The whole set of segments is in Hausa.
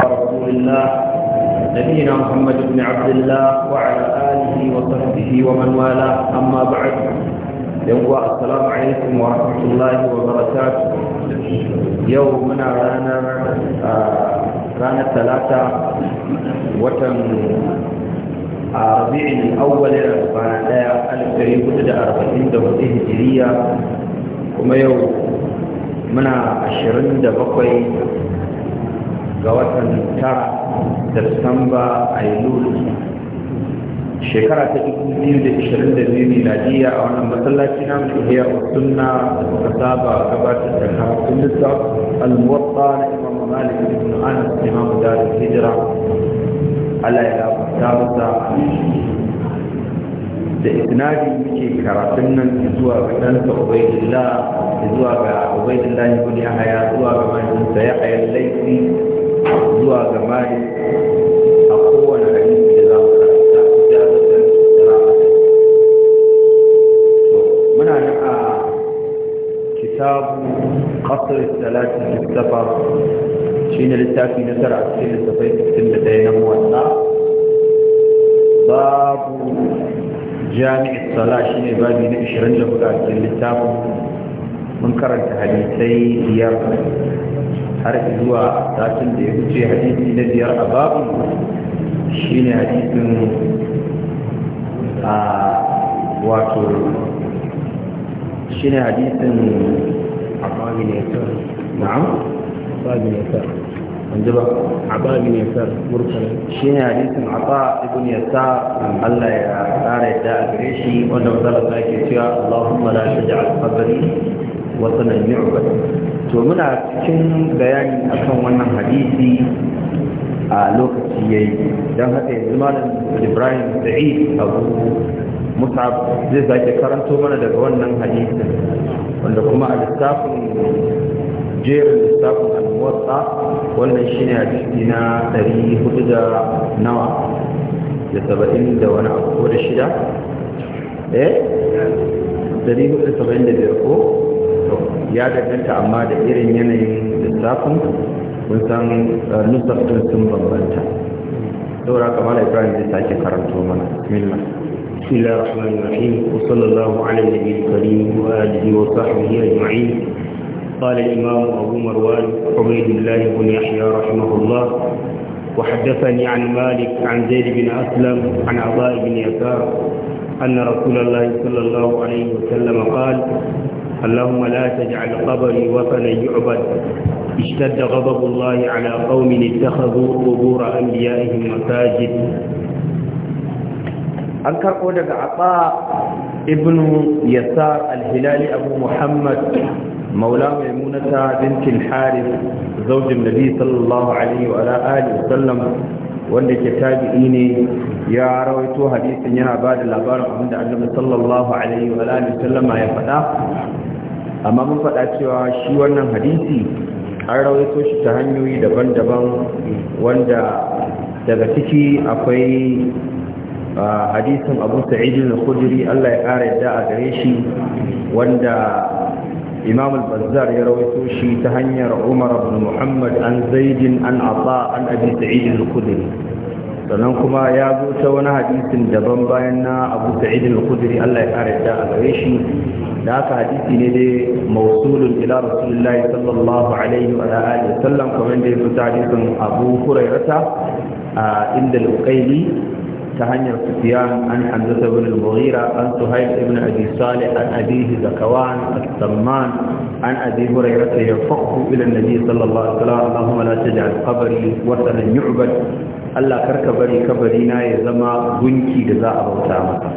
رسول الله نبينا محمد بن عبد الله وعلى آله وصحبه ومن والاه أما بعد يوم السلام عليكم ورحمة الله وبركاته يومنا رانا رانا ثلاثة وتم ربيع الأول رانا ألف كريم تدى أربعين دولة هجرية وما يوم منا عشرين دبقي ga watan tara disamba Ailulu, shekara ta 2022 miladiya a wannan masallaci na mulkiya sunna da suka saba gabatar da karatun lissaf al-muwatta na imam malik ibn anas imam darul hijra Allah ya gafarta masa da isnadi muke karatun nan zuwa ga ɗansa ubaidillah zuwa ga ubaidillah ibn yahya zuwa ga mahaifinsa yahya laifi zuwa ga malik a kowane hadisi da za mu karanta ijazatan rahmatan to muna nan a kitabu qasr salati fi safar shine littafi na tara a cikin littafai 61 na muwatta babu jami'i sala shine babi na 24 a cikin littafin mun karanta hadisai biyar har zuwa satin da ya wuce hadisi na biyar a babu shi ne hadisin a wato shi ne hadisin a babu ne sar na'am? babu ne sar wanzu ba a babu ne sar murkar shi ne hadisin a ba ne sa allah ya tsara yadda a gare shi wanda wanzu allah ke cewa allahumma la shaja al-fadari wasu na yi to muna cikin bayani akan wannan hadisi a lokaci yayi don haka yanzu malam ibrahim Sa'id abu mutab zai sake karanto mana daga wannan hadisin wanda kuma a lissafin jerin lissafin al-muwatta wannan shine hadisi na 400 da nawa da saba'in da wani abu ko da shida eh 475 ko ya danganta amma da irin yanayin lissafin kun san uh, nusafin sun bambanta saura kamar ibrahim zai sake karanto mana milla بسم الله الرحمن الرحيم وصلى الله على النبي الكريم وآله وصحبه أجمعين قال الإمام أبو مروان عبيد الله بن يحيى رحمه الله وحدثني عن مالك عن زيد بن أسلم عن عطاء بن يسار أن رسول الله صلى الله عليه وسلم قال اللهم لا تجعل قبري وطنا يعبد اشتد غضب الله على قوم اتخذوا قبور انبيائهم مساجد an karɓo daga aɓa ibn yasar alhilali abu muhammad maula munata bintin haris zaujin nabi sallallahu alaihi wa alihi sallam wanda ke tabi'i ne ya rawaito hadisin yana ba da labarin abinda annabi sallallahu alaihi wa alihi sallama ya faɗa amma mun faɗa cewa shi wannan hadisi an rawaito shi ta hanyoyi daban-daban wanda daga ciki akwai hadisin abu sa'idin al Allah ya ƙara yadda a gare shi wanda imam al-bazzar ya rawaito shi ta hanyar umar abu muhammad an zaidin an ata an abu sa'idin al-khudri sannan kuma ya zo ta wani hadisin daban bayan na abu sa'idin al Allah ya ƙara da a gare shi da aka hadisi ne dai mausulun ila rasulullahi sallallahu alaihi wa alihi wa sallam kamar da yazo ta hadisin Abu Hurairah a inda al-Uqayli ta hanyar Sufyan an Hamza ibn al-Mughira an Suhayl ibn Abi Salih an abihi Zakawan al-Samman an Abi Hurairah yafaqu ila an-nabi sallallahu alaihi wa sallam Allahumma la taj'al qabri watanan yu'bad Allah karka bari kabari na ya zama gunki da za a bauta masa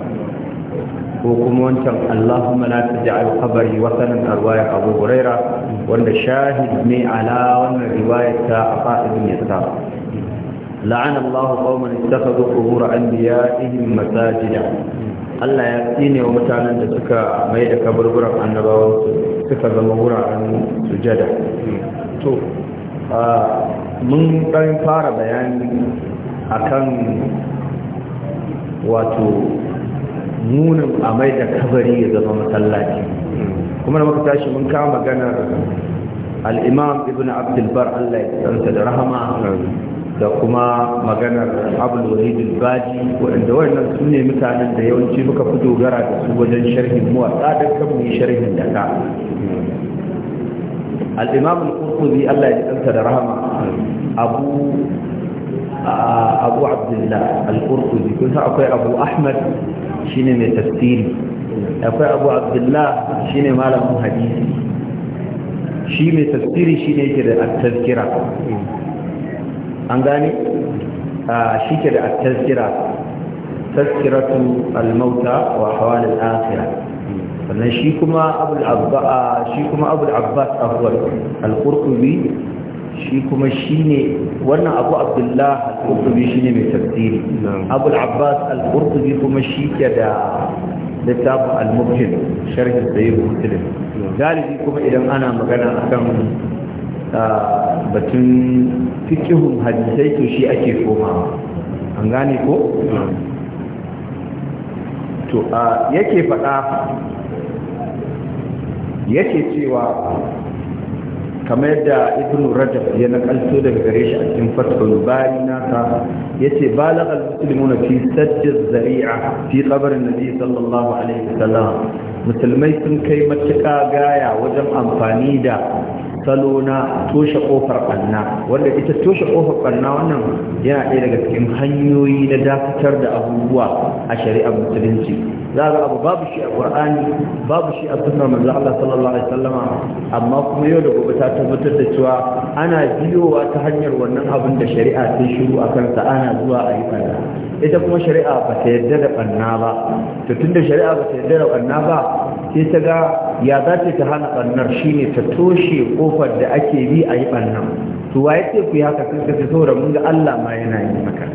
ko kuma wancan Allahumma la taj'al qabri watanan arwaya Abu Huraira wanda shahid ne ala wannan riwayar ta Afa ibn Yasar la'ana Allah qauman ittakhadhu qubur anbiya'ihim masajida Allah ya tsine wa mutanen da suka mai da kaburburan annabawan suka zama wuraren sujada to mun dan fara bayani akan wato munin a mai da kabari ya zama masallaci kuma da muka tashi mun kama maganar al'imam ibn abdulbar allah ya tsanta da rahama da kuma maganar abul walid baji waɗanda wannan su ne mutanen da yawanci muka fi dogara da su wajen sharhin muwa tsadar kan mu sharhin da ka al'imam al allah ya tsanta da rahama abu abu abdullah al-qurtubi kun akwai abu ahmad shine mai tafsiri akwai abu abdullah shine malamin hadisi shi mai tafsiri shine yake da at-tazkira an gane da at-tazkira tazkiratu al-mauta wa ahwal al-akhirah sannan shi kuma abul shi kuma abul abbas afwal al-qurtubi shi kuma shi ne wannan abu abdullah al-qurtubi shi ne mai tafsiri abu al-abbas al-qurtubi kuma shi ke da littafin al-mubtin sharhin da yi muslim galibi kuma idan ana magana akan ah, batun fikihun hadisai to shi ake komawa an gane ko to ah, yake faɗa yake cewa kamar yadda ibn rajab ya nakalto daga gare shi a cikin fatul bayi nasa yace balagh al-muslimuna fi sadd zaria fi qabr an-nabi sallallahu alaihi wasallam musulmai sun kai matuƙa gaya wajen amfani da salo na toshe kofar ɓanna wanda ita toshe kofar ɓanna wannan yana ɗaya daga cikin hanyoyi na dakatar da abubuwa a shari'ar musulunci za ga abu babu shi a qur'ani babu shi a sunnar manzo Allah sallallahu alaihi wasallama amma kuma yau da gobe ta tabbatar da cewa ana biyowa ta hanyar wannan abin da shari'a ta shiru a kansa ana zuwa a yi barna ita kuma shari'a ba ta yarda da barna ba to da shari'a ba ta yarda da ɓanna ba sai ta ga ya za ta hana barnar shine ta toshe kofar da ake bi a yi ɓannan to waye ce ku yi haka sun saboda mun ga Allah ma yana yi maka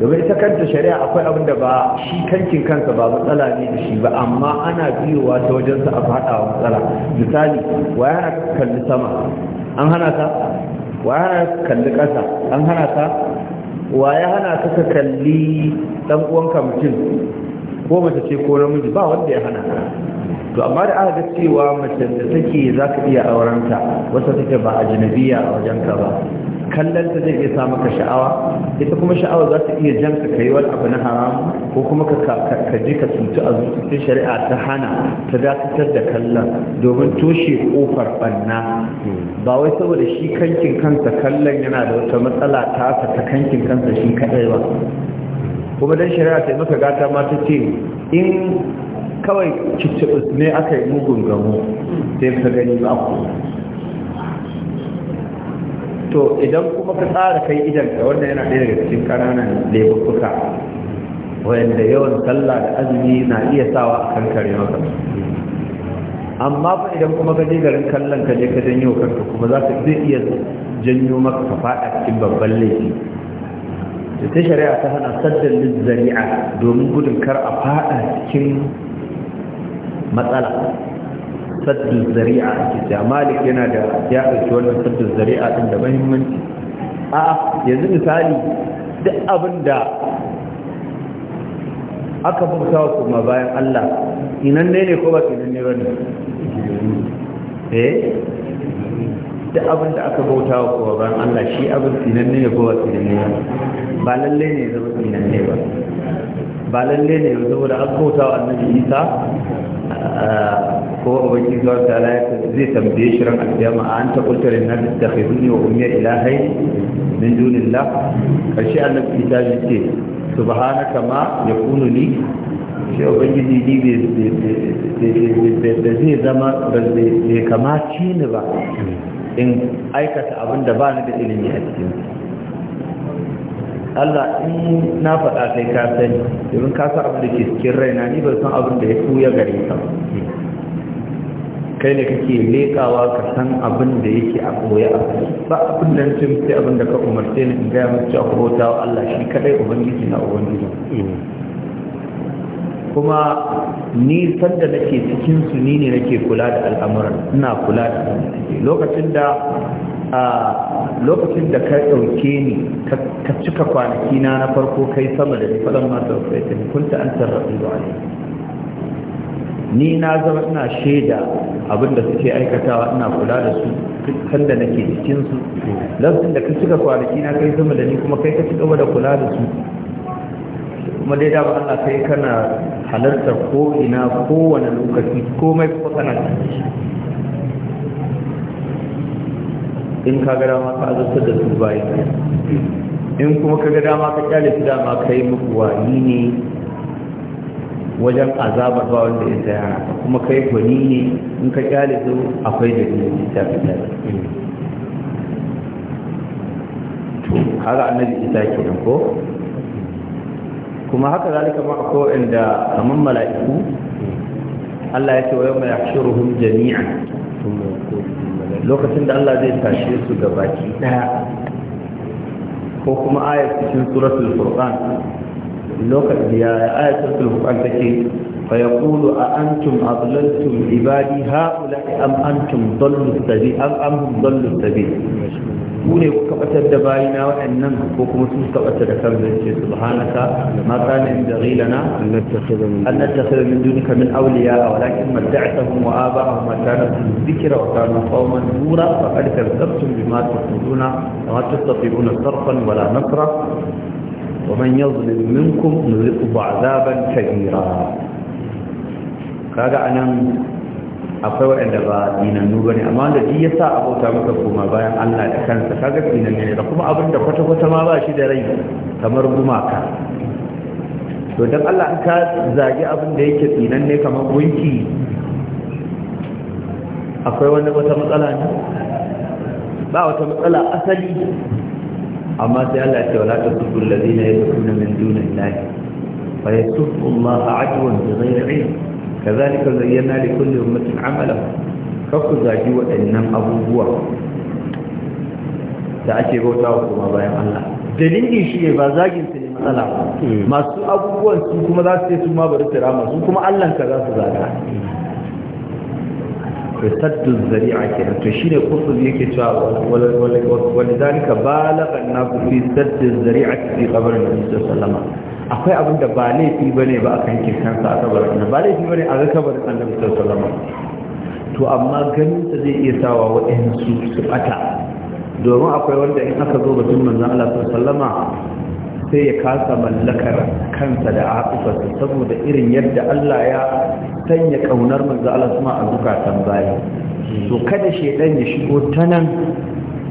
domin ita kanta shari'a akwai abin da ba shi kankin kansa ba matsala ne da shi ba amma ana biyowa ta wajensa a faɗa wa matsala misali wa yana kalli sama an hana ta wa yana kalli ƙasa an hana ta wa ya hana ta ka kalli ɗan uwanka mutum ko mace ce ko namiji ba wanda ya hana to amma da aka cewa mace da take zaka ka iya aurenta wata take ba ajnabiya a wajenka ba kallon ta zai iya sa maka sha'awa ita kuma sha'awa za ta iya jan ka kai wani abu na haram ko kuma ka ji ka tuntu a zuciyar shari'a ta hana ta dakatar da kallon domin toshe kofar banna ba wai saboda shi kankin kansa kallon yana da wata matsala ta ta kankin kansa shi kaɗai ba kuma dan shari'a ta maka gata ma ta ce in kawai kicci ne aka yi mugun gamo sai ka gani ba ku to idan kuma ka tsara kai idan ka wanda yana ɗaya daga cikin ƙananan lebukuka wanda yawan sallah da azumi na iya sawa a kankare maka amma fa idan kuma ka je garin kallon ka je ka janyo kanka kuma za ka zai iya janyo maka ka faɗa cikin babban laifi da ta shari'a ta hana saddan zari'a domin gudun kar a faɗa cikin matsala saddin zari'a ake cewa malik yana da ya ɗauki wannan saddin zari'a ɗin da mahimmanci a yanzu misali duk abin da aka bauta wa kuma bayan Allah inan ne ne ko ba inan ne bane eh duk abin da aka bauta wa kuma bayan Allah shi abin inan ne ko ba inan ne ba lalle ne zama inan ne ba ba lalle ne yanzu da an bauta wa annabi isa ko abin zuwa ta zai tambaye shi ran alƙiyama a an taƙulta da nan da haihuni wa umiyar ilahai min dunillah ƙarshe annabi isa ya ce subhanaka ma ya kunu ni shi ubangiji ni da zai zama ba zai kamaci ni ba in aikata abin da ba ni da ilimi a cikin Allah in na faɗa kai ka sani domin ka san abin da ke cikin raina ni ba san abin da ya tuya gare ka kai ne kake leƙawa ka san abin da yake a koya a kai ba abin da cin sai abin da ka umarce ni in gaya mace a bauta wa Allah shi kadai ubangiji na ubangiji kuma ni sanda nake cikin su ni ne nake kula da al'amuran ina kula da lokacin da a lokacin da ka ɗauke ni ka cika kwanaki na na farko kai sama da faɗan masu rufai ta kunta an tarrafi da wani ni na zama ina shaida da suke aikatawa ina kula da su kan da nake su. lokacin da ka cika kwanaki na kai sama da ni kuma kai ka ci gaba da kula da su kuma dai da Allah kai kana halartar ko ina kowane lokaci komai kuma kana cikin in ka ga dama ka azabtar da su bayan in kuma ka ga dama ka kyale su dama ka yi muku wani ne wajen azabar ba wanda ya tsaya kuma ka yi gwani ne in ka kyale su akwai da ne ta fita to haka annabi isa kenan ko kuma haka zalika ma akwai inda kaman mala'iku Allah ya ce wa shiru yahshuruhum jami'an ثم يقول lokacin da Allah zai tashe su ga baki daya ko kuma ayat cikin suratul furqan lokacin da ya suratul furqan take fa yaqulu a antum adlaltum ibadi haula am antum dallu sabil am am dallu sabil ku ne kuka batar da bayina waɗannan ko kuma su suka batar da kan zance subhanaka ma kana in daghilana an nattakhidha min dunika min awliya walakin matta'tahum wa aba'ahum ma kana dhikra wa kanu qauman nura faqad kadzabtum bima taquluna wa tastati'una sarfan wala nasra ومن يظلم منكم نذقه عذابا كبيرا kaga anan akwai waɗanda ba dinannu ba ne amma wanda duk ya sa abota maka koma bayan Allah da kansa kaga dinannu ne da kuma abin da kwata-kwata ma ba shi da rai kamar gumaka to dan Allah in ka zagi abin da yake ne kamar gunki akwai wani wata matsala ne ba wata matsala asali amma sai Allah ya ce wala tasubbu alladhina yad'una min dunillahi fa yasubbu Allah adwan bighayri ilm kazalika zayyana li kulli ummatin amalahu kafu zagi waɗannan abubuwa da ake bauta wa kuma bayan Allah dalilin shi ne ba zagin su ne matsala hmm. masu abubuwan su kuma za su ce su ma bari su rama su kuma Allah ka za su zaga to tattu zari'a ke kenan to shine kusur yake cewa wani zalika balagha an-nasu fi saddu zari'a fi qabrin nabi sallallahu alaihi wasallam akwai abin da ba laifi ba ne ba a kan kansa a kabarin nan ba laifi ba ne a ga kabarin annabi sallallahu alaihi to amma ganin ta zai iya sawa waɗansu su bata domin akwai wanda in aka zo batun manzon Allah sallallahu sai ya kasa mallakar kansa da afifarsa saboda irin yadda Allah ya sanya kaunar manzon Allah kuma a zukatan bayi to kada shedan ya shigo ta nan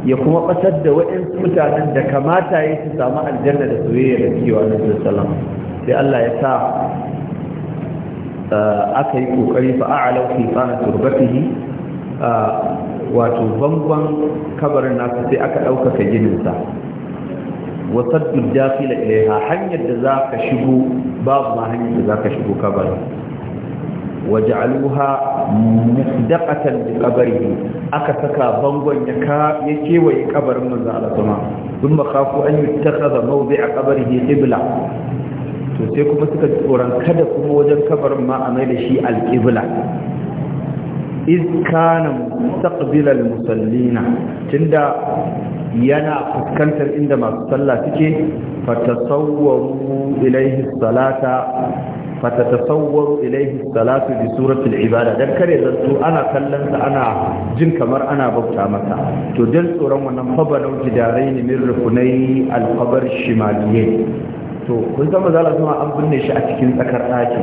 ya kuma ɓatar da waɗansu mutanen da kamata ya su samu aljanna da soyayya da cewa na sallam sai Allah ya sa eh, aka yi kokari fa a'alau fi fana wato bangon kabarin nasa sai aka ɗaukaka gininsa wasaddu dafila ilaiha hanyar da za ka shigo babu ma hanyar da za ka shigo kabarin Waje waj'aluha misdaqatan li qabrihi aka saka bangon ya ka ƙabarin kewaye kabarin manzo Allah kuma thumma khafu an yuttakhadha mawdi'a qabrihi qibla to sai kuma suka ji tsoron kada kuma wajen kabarin ma a da shi alqibla iz kana mustaqbila almusallina tunda yana fuskantar inda masu sallah suke fatasawwaru ilayhi salata فتتصور إليه الصلاة بسورة العبادة دان كري زنتو أنا كلمت أنا جن كمر أنا ببتا مكا تدل سورة ونمحبا لو جدارين من ركني القبر الشماليين to kun san maza Allah an binne shi a cikin tsakar ɗaki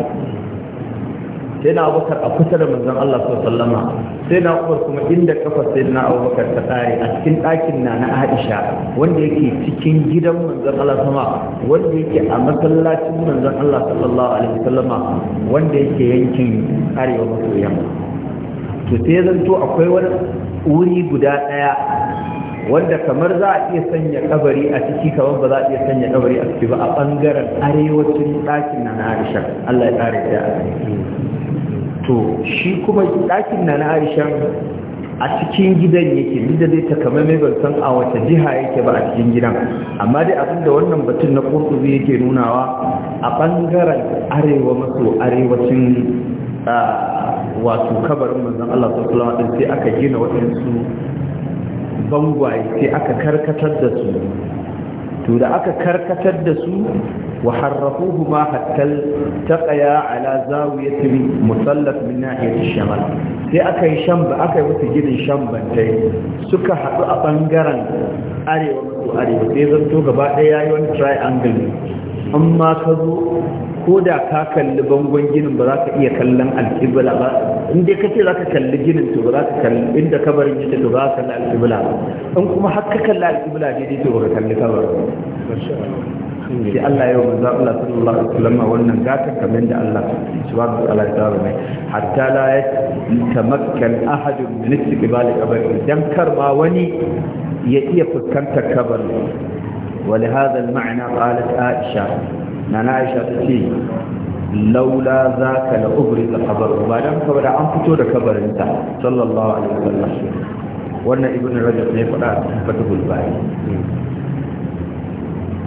sai na abubakar a kusa da manzon Allah sallama sai na umar kuma inda kafa sai na abubakar ta tsare a cikin ɗakin na na aisha wanda yake cikin gidan manzon Allah sama wanda yake a masallacin manzon Allah sallallahu alaihi wasallama wanda yake yankin arewa maso yamma to sai zanto akwai wani wuri guda ɗaya wanda kamar za a iya sanya kabari a ciki kamar ba za a iya sanya kabari a ciki ba a bangaren arewacin ɗakin na na aisha allah ya tsare ta to shi kuma ɗakin na na aisha a cikin gidan yake da zai takamaimai ban san a wata jiha yake ba a cikin gidan amma dai abinda wannan batun na kurkuzi yake nunawa a ɓangaren arewa maso arewacin wato kabarin manzan Allah sallallahu alaihi sai aka gina waɗansu bangwaye sai aka karkatar da su to da aka karkatar da su wa harrafuhu ma ta taqaya ala zawiyati musallat min nahiyati shamal sai aka yi shamba aka yi wata gidan shambantai suka haɗu a ɓangaren arewa maso arewa sai zanto gaba ɗaya yayi wani triangle amma ka zo ko da ka kalli bangon ginin ba za ka iya kallon alƙibla ba in dai ka ce za ka kalli ginin to ba za ka kalli inda kabarin yake to ba za ka kalli alƙibla ba in kuma har ka kalli alƙibla daidai to ba ka kalli kabarin sai Allah yau manzo Allah sallallahu alaihi wasallam wannan gatan kamar da Allah subhanahu wa ta'ala ya tsara mai hatta la yatamakkan ahad min istiqbal qabri dan kar ma wani ya iya fuskantar kabarin ولهذا المعنى قالت عائشة نانا عائشة تتي لولا ذاك لأبرز خبره بعد أن كبر عن فتور كبر انت صلى الله عليه وسلم وانا ابن رجب يقرأ فتح الباري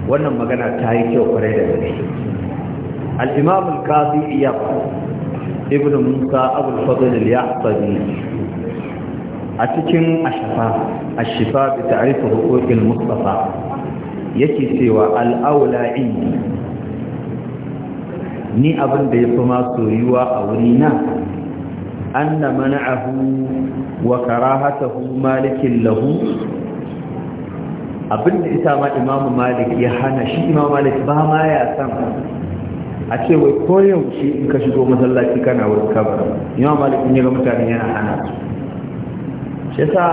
وانا مغانا تايكي وقريدة الإمام القاضي إياب ابن موسى أبو الفضل اليعطبي أتكن أشفاء الشفاء بتعريف حقوق المصطفى yake cewa al'aula indi ni abin da ya fi ma soyuwa a wuri na an na mana'ahu wa karahatahu malikin lahu abin da isa ma imamu malik ya hana shi imamu malik ba ma ya san a ce wai shi in ka shigo masallaci kana wurin kabar imamu malik in yaga mutane yana hana shi yasa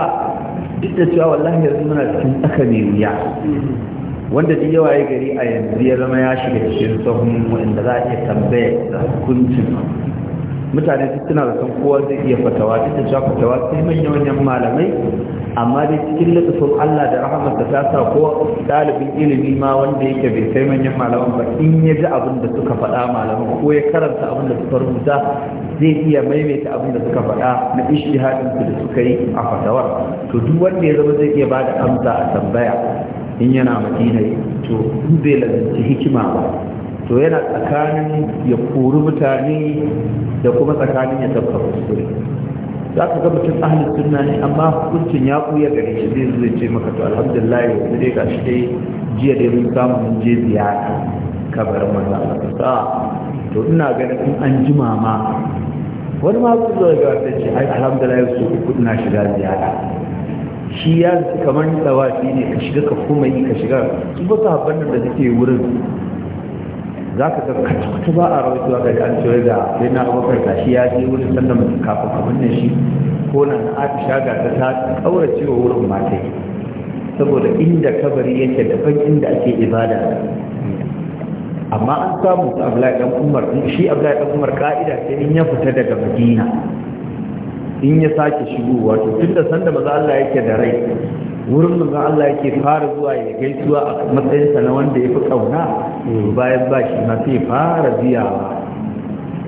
duk da cewa wallahi yanzu muna cikin tsaka wuya wanda duk yawa ya gari a yanzu ya zama ya shiga cikin tsohon wanda za a iya tambaya da hukuncin mutane duk suna da san kowa zai iya fatawa duk da fatawa sai manyan manyan malamai amma dai cikin littafin Allah da da ta sa ko dalibin ilimi ma wanda yake bai sai manyan malaman ba in ya ji abin da suka faɗa malaman ko ya karanta abin da suka rubuta zai iya maimaita abin da suka faɗa na ishihadin su da suka yi a fatawar to duk wanda ya zama zai iya bada amsa a tambaya in yana madina to in bai lazanci hikima ba to yana tsakanin ya kori mutane da kuma tsakanin ya tabbata kuskure za ka gaba mutum ahalin suna ne amma hukuncin ya kuya gare shi zai zai ce maka to alhamdulillah ya dai ga shi dai jiya dai mun samun mun je ziyara kabarin manzo Allah to ina ganin in an ji ma wani ma zai zo ga wata ce ai alhamdulillah su kuɗi na shiga ziyara shi ya kamar shi ne ka shiga ka kuma yi ka shiga su ba su nan da suke wurin za ka ga kwata ba a rawaito ga da an cewa da sai na abubakar ta shi ya je wurin sannan kafin kamar na shi ko na aisha shaga ta ta ƙaura cewa wurin matai saboda inda kabari yake da daban inda ake ibada amma an samu su abdullahi dan umar shi abdullahi dan umar ka'ida sai in ya fita daga madina in ya sake shigowa to da sanda maza Allah yake da rai wurin maza Allah yake fara zuwa ya gaisuwa a matsayinsa na wanda ya fi kauna bayan ba shi na sai fara biyawa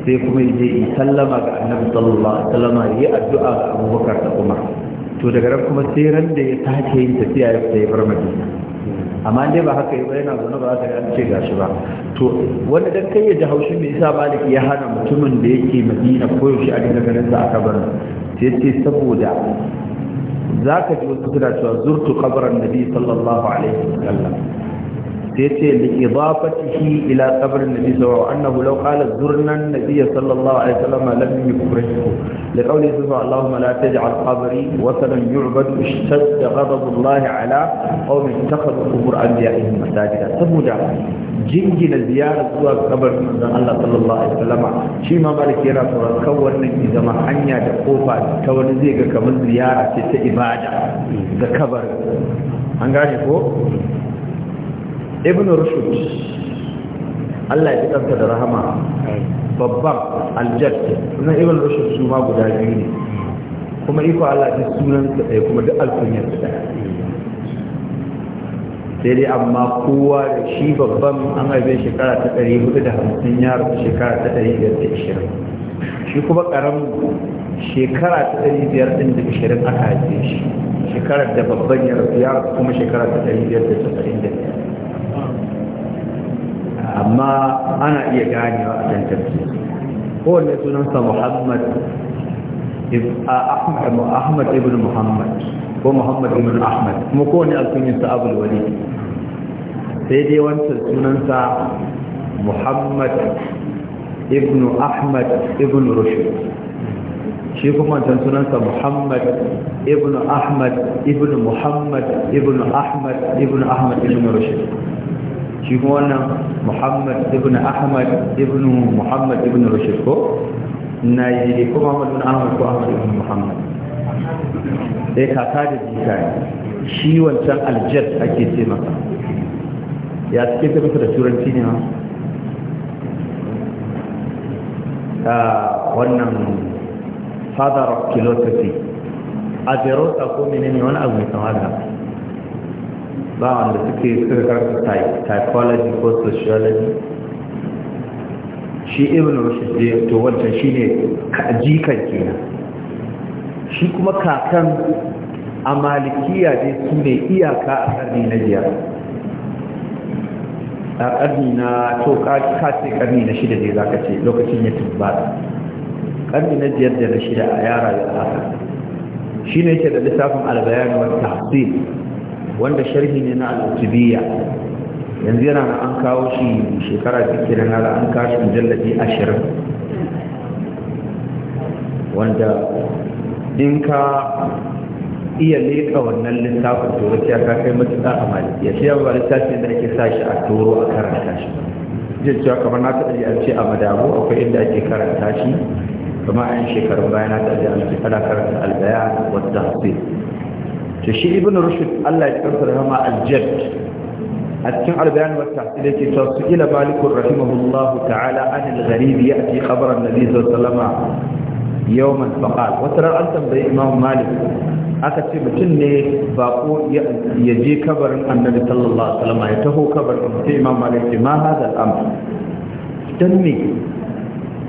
sai kuma je yi sallama ga annabi sallallahu alaihi wasallam ya yi addu'a ga Abubakar da Umar to daga ran kuma sai ran da ya sake yin tafiya ya fita ya bar Madina amma dai ba haka yi yana zaune ba za ka an ce shi ba to wanda dan kai ya ji haushi me yasa malik ya hana mutumin da yake madina koyaushe a dinga ganin sa a kabarin sai ce saboda za ka ji wasu suna cewa zurtu kabarin nabi sallallahu alaihi wasallam sai ce da idafatihi ila qabrin nabi sallallahu alaihi annahu law qala zurnan nabiy sallallahu alaihi wasallam lam yufrihu ala qawmi ittakhadhu qubur masajida saboda jingina ziyara zuwa kabar manzon Allah sallallahu alaihi shi ma kan wannan zama hanya da kofa ta wani zai ga kamar ziyara ce ta ibada ga kabar an gane ko ibn rushd Allah ya tsanta da rahama babban aljad na ibn rushd su ma guda biyu ne kuma iko Allah ya sunan da ɗaya kuma duk alkunyar da sai dai amma kowa da shi babban an haife shekara ta 450 ya rasu shekara ta 520 shi kuma karamin shekara ta 520 aka haife shi shekarar da babban ya rasu ya rasu kuma shekara ta 590 amma ana iya ganewa a tantance kowanne sunansa muhammad ahmad ibn muhammad ko muhammad ibn ahmad kuma kowanne alkunyinsa abul wali sai dai wancan sunansa muhammad ibn ahmad ibn rushd shi kuma wancan sunansa muhammad ibn ahmad ibn muhammad ibn ahmad ibn ahmad ibn rushd shi kuma wannan muhammad ibn ahmad ibn muhammad ibn rashid ko na yi ko muhammad ibn ahmad ko ahmad ibn muhammad sai eh, kaka da jika ne shi wancan aljar ake ce maka ya suke ta masa da turanci ne ma ah, wannan father of philosophy a ko menene wani abu mai kamar ba wanda suke suka karfi ko sociology shi ibn rushd dai to wancan shine jikan kenan shi kuma kakan a malikiya dai su ne iyaka a karni na biyar a karni na to kace karni na shida ne zaka ce lokacin ya tubbata karni na biyar da na shida a yara da aka shi ne ke da lissafin albayan wa tahsil wanda sharhi ne na al-utubiyya yanzu yana an kawo shi shekara cikin nan an kawo shi mujalladi ashirin. wanda ka iya leƙa wannan littafin turo ya ka kai matuƙa a malikiya shi yawa littafin da ake sa shi a turo a karanta shi jin cewa kamar na taɓa an ce a madamu akwai inda ake karanta shi kuma a shekarun bayan na taɓa an ce ana karanta albaya wadda hafi to shi ibn rushd Allah ya karsa rahama al-jadd a cikin albayan wata da ke cewa su ila malikun rahimahullah ta'ala an al-gharib ya'ti qabr an-nabi sallallahu alaihi yawman faqal wata ran an tambayi imam malik aka ce mutum ne bako ya je kabarin annabi sallallahu alaihi wasallam ya taho kabarin sai imam malik ce ma hadha al-amr dan me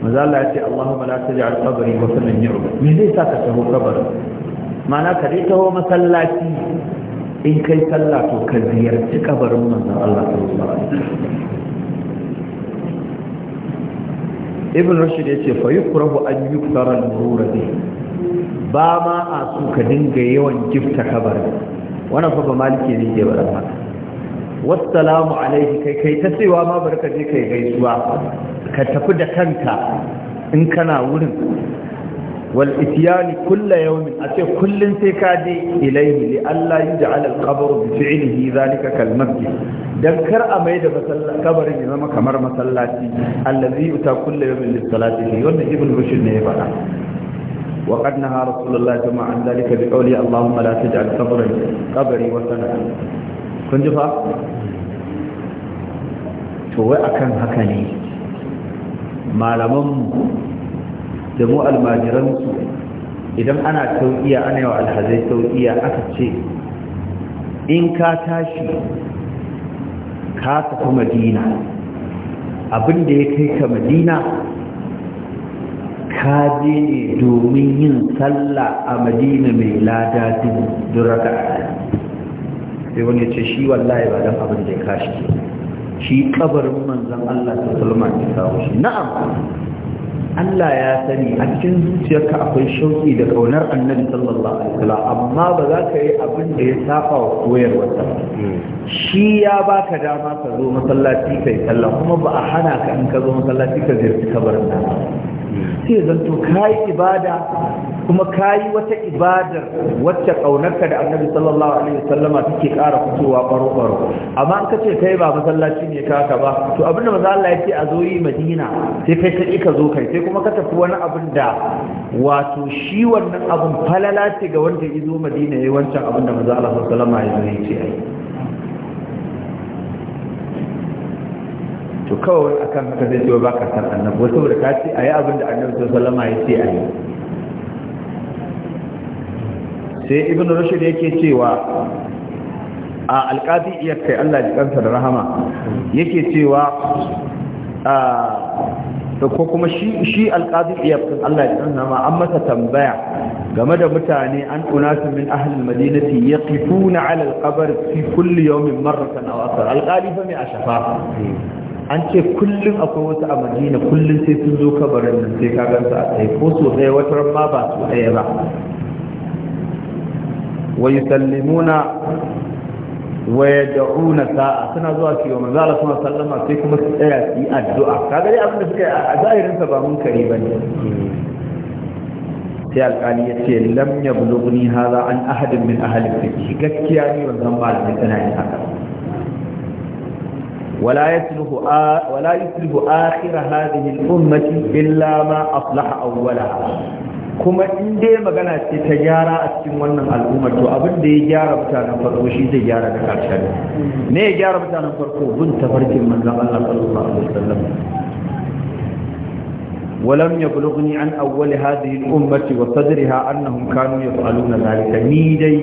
maza Allah ya ce Allahumma la taj'al qabri wa sallan yu'bad me zai sa ka taho kabarin mana ka dai taho masallaci in kai sallah to ka ziyarci kabarin manzon Allah sallallahu alaihi wasallam ibn rushd yace fa yukrahu an yuktara al-murur bi ba ma a so ka dinga yawan gifta kabarin wannan fa ba maliki ne ke bara ba wassalamu alaihi kai kai ta cewa ma barka je kai gaisuwa ka tafi da kanka in kana wurin wal ityani kulla yawmin a ce kullun sai ka je ilaihi li Allah yaj'al al qabr bi fi'lihi zalika kal masjid dan kar a mai da masallaci kabarin ya zama kamar masallaci allazi yuta kulla وقد نهى رسول الله ثم عن ذلك بقوله اللهم لا تجعل قبري قبري وثنا كنت فا to wai akan haka ne malaman da mu almajiransu idan ana tauƙiya ana yawa alhazai tauƙiya aka ce in ka tashi ka tafi madina abin da ya kai ka madina ka je ne domin yin sallah a madina mai lada duraka sai wani ce shi wallahi ba don abin da ya kashi shi kabarin manzan Allah ta salma ta kawo shi na'am Allah ya sani a cikin zuciyarka akwai shauƙi da ƙaunar annabi sallallahu alaihi wasallam amma ba za ka yi abin da ya saba wa wata shi ya baka dama ka zo masallaci kai sallah kuma ba a hana ka in ka zo masallaci ka ziyarci kabarin nan sai zanto ka yi ibada kuma ka wata ibadar wacce ƙaunarka da annabi sallallahu alaihi wasallama take ƙara fitowa ɓaro-ɓaro amma an kace kai ba masallaci ne kaka ba to abinda da maza Allah ya ce a zo yi madina sai kai ka ka zo kai sai kuma ka tafi wani abin da wato shi wannan abin falala ce ga wanda ya zo madina ya wancan abin da maza Allah sallallahu alaihi wasallama ya zo ya ce ai to kawai akan haka zai ce ba ka san annabi wasu da ka ce a yi abin da annabi sallama ya ce a yi sai ibn rushd yake cewa a alƙadi iya kai Allah ji kansa da rahama yake cewa a ko kuma shi shi alƙadi iya kan Allah ya kansa ma an masa tambaya game da mutane an unasu min ahli almadinati yaqifuna ala alqabr fi kulli yawmin marratan aw akthar alqadi fa mi ashafa an ce kullum akwai wasu a madina kullum sai sun zo kabarin nan sai kagan su a tsaye ko so ɗaya wata ba su ɗaya ba wa na. wa da'una sa'a suna zuwa su yi manzo Allah sallama sai kuma su tsaya su yi addu'a kaga dai abin da suka yi a zahirin sa ba mun kare bane sai alƙali ya ce lam yablughni haza an ahadin min ahli fiqh gaskiya ni wannan malamin tana yin haka ولا يسلف آ... ولا يسلف آخر هذه الأمة إلا ما أصلح أولها kuma in dai magana ce ta gyara a cikin wannan al'ummar to abin da ya gyara mutanen farko shi zai gyara da karshen ne ya gyara mutanen farko bin tafarkin manzon Allah sallallahu alaihi wasallam ولم يبلغني عن أول هذه الأمة وصدرها أنهم كانوا يفعلون ذلك ني dai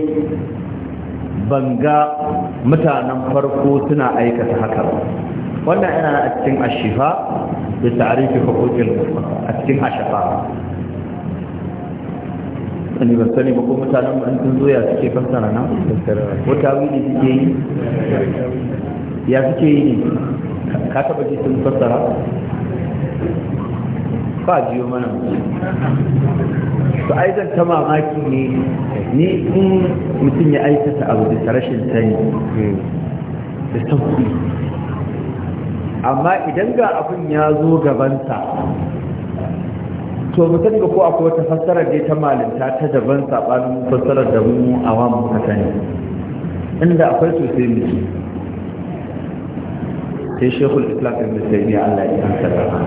banga mutanen farko suna aikata haka wannan yana a cikin ashifa da tarihi hukukin a cikin ashifa sani ba sani ba ko mutanen ba sun zo ya suke fassara na ko tawili suke yi ya suke yi ne ka taba ji sun fassara ba biyo mana to ai ta mamaki ne ni in mutum ya aikata abu da rashin sani da sauki amma idan ga abin ya zo gabansa to mutum ga ko akwai wata fassarar da ta malinta ta daban saɓanin fassarar da mu a wa muka sani inda akwai sosai mutum sai shekul islam ibn taymiya Allah ya tsara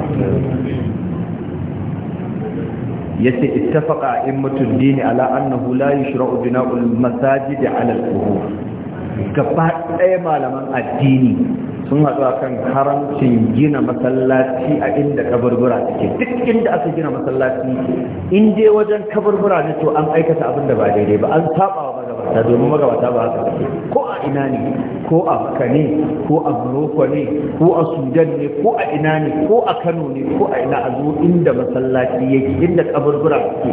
yace ittafaqa a'immatud din ala annahu la yushra'u bina'ul masajid 'ala al-qubur gaba ɗaya malaman addini sun a akan haramcin gina masallaci a inda kaburbura take duk inda aka gina masallaci in je wajen kaburbura ne to an aikata abin da ba daidai ba an saba da domin magabata ba haka ko a ina ne ko a kane ko a buroko ne ko a Sudan ne ko a ina ne ko a Kano ne ko a ina a zo inda masallaci yake inda kaburbura ke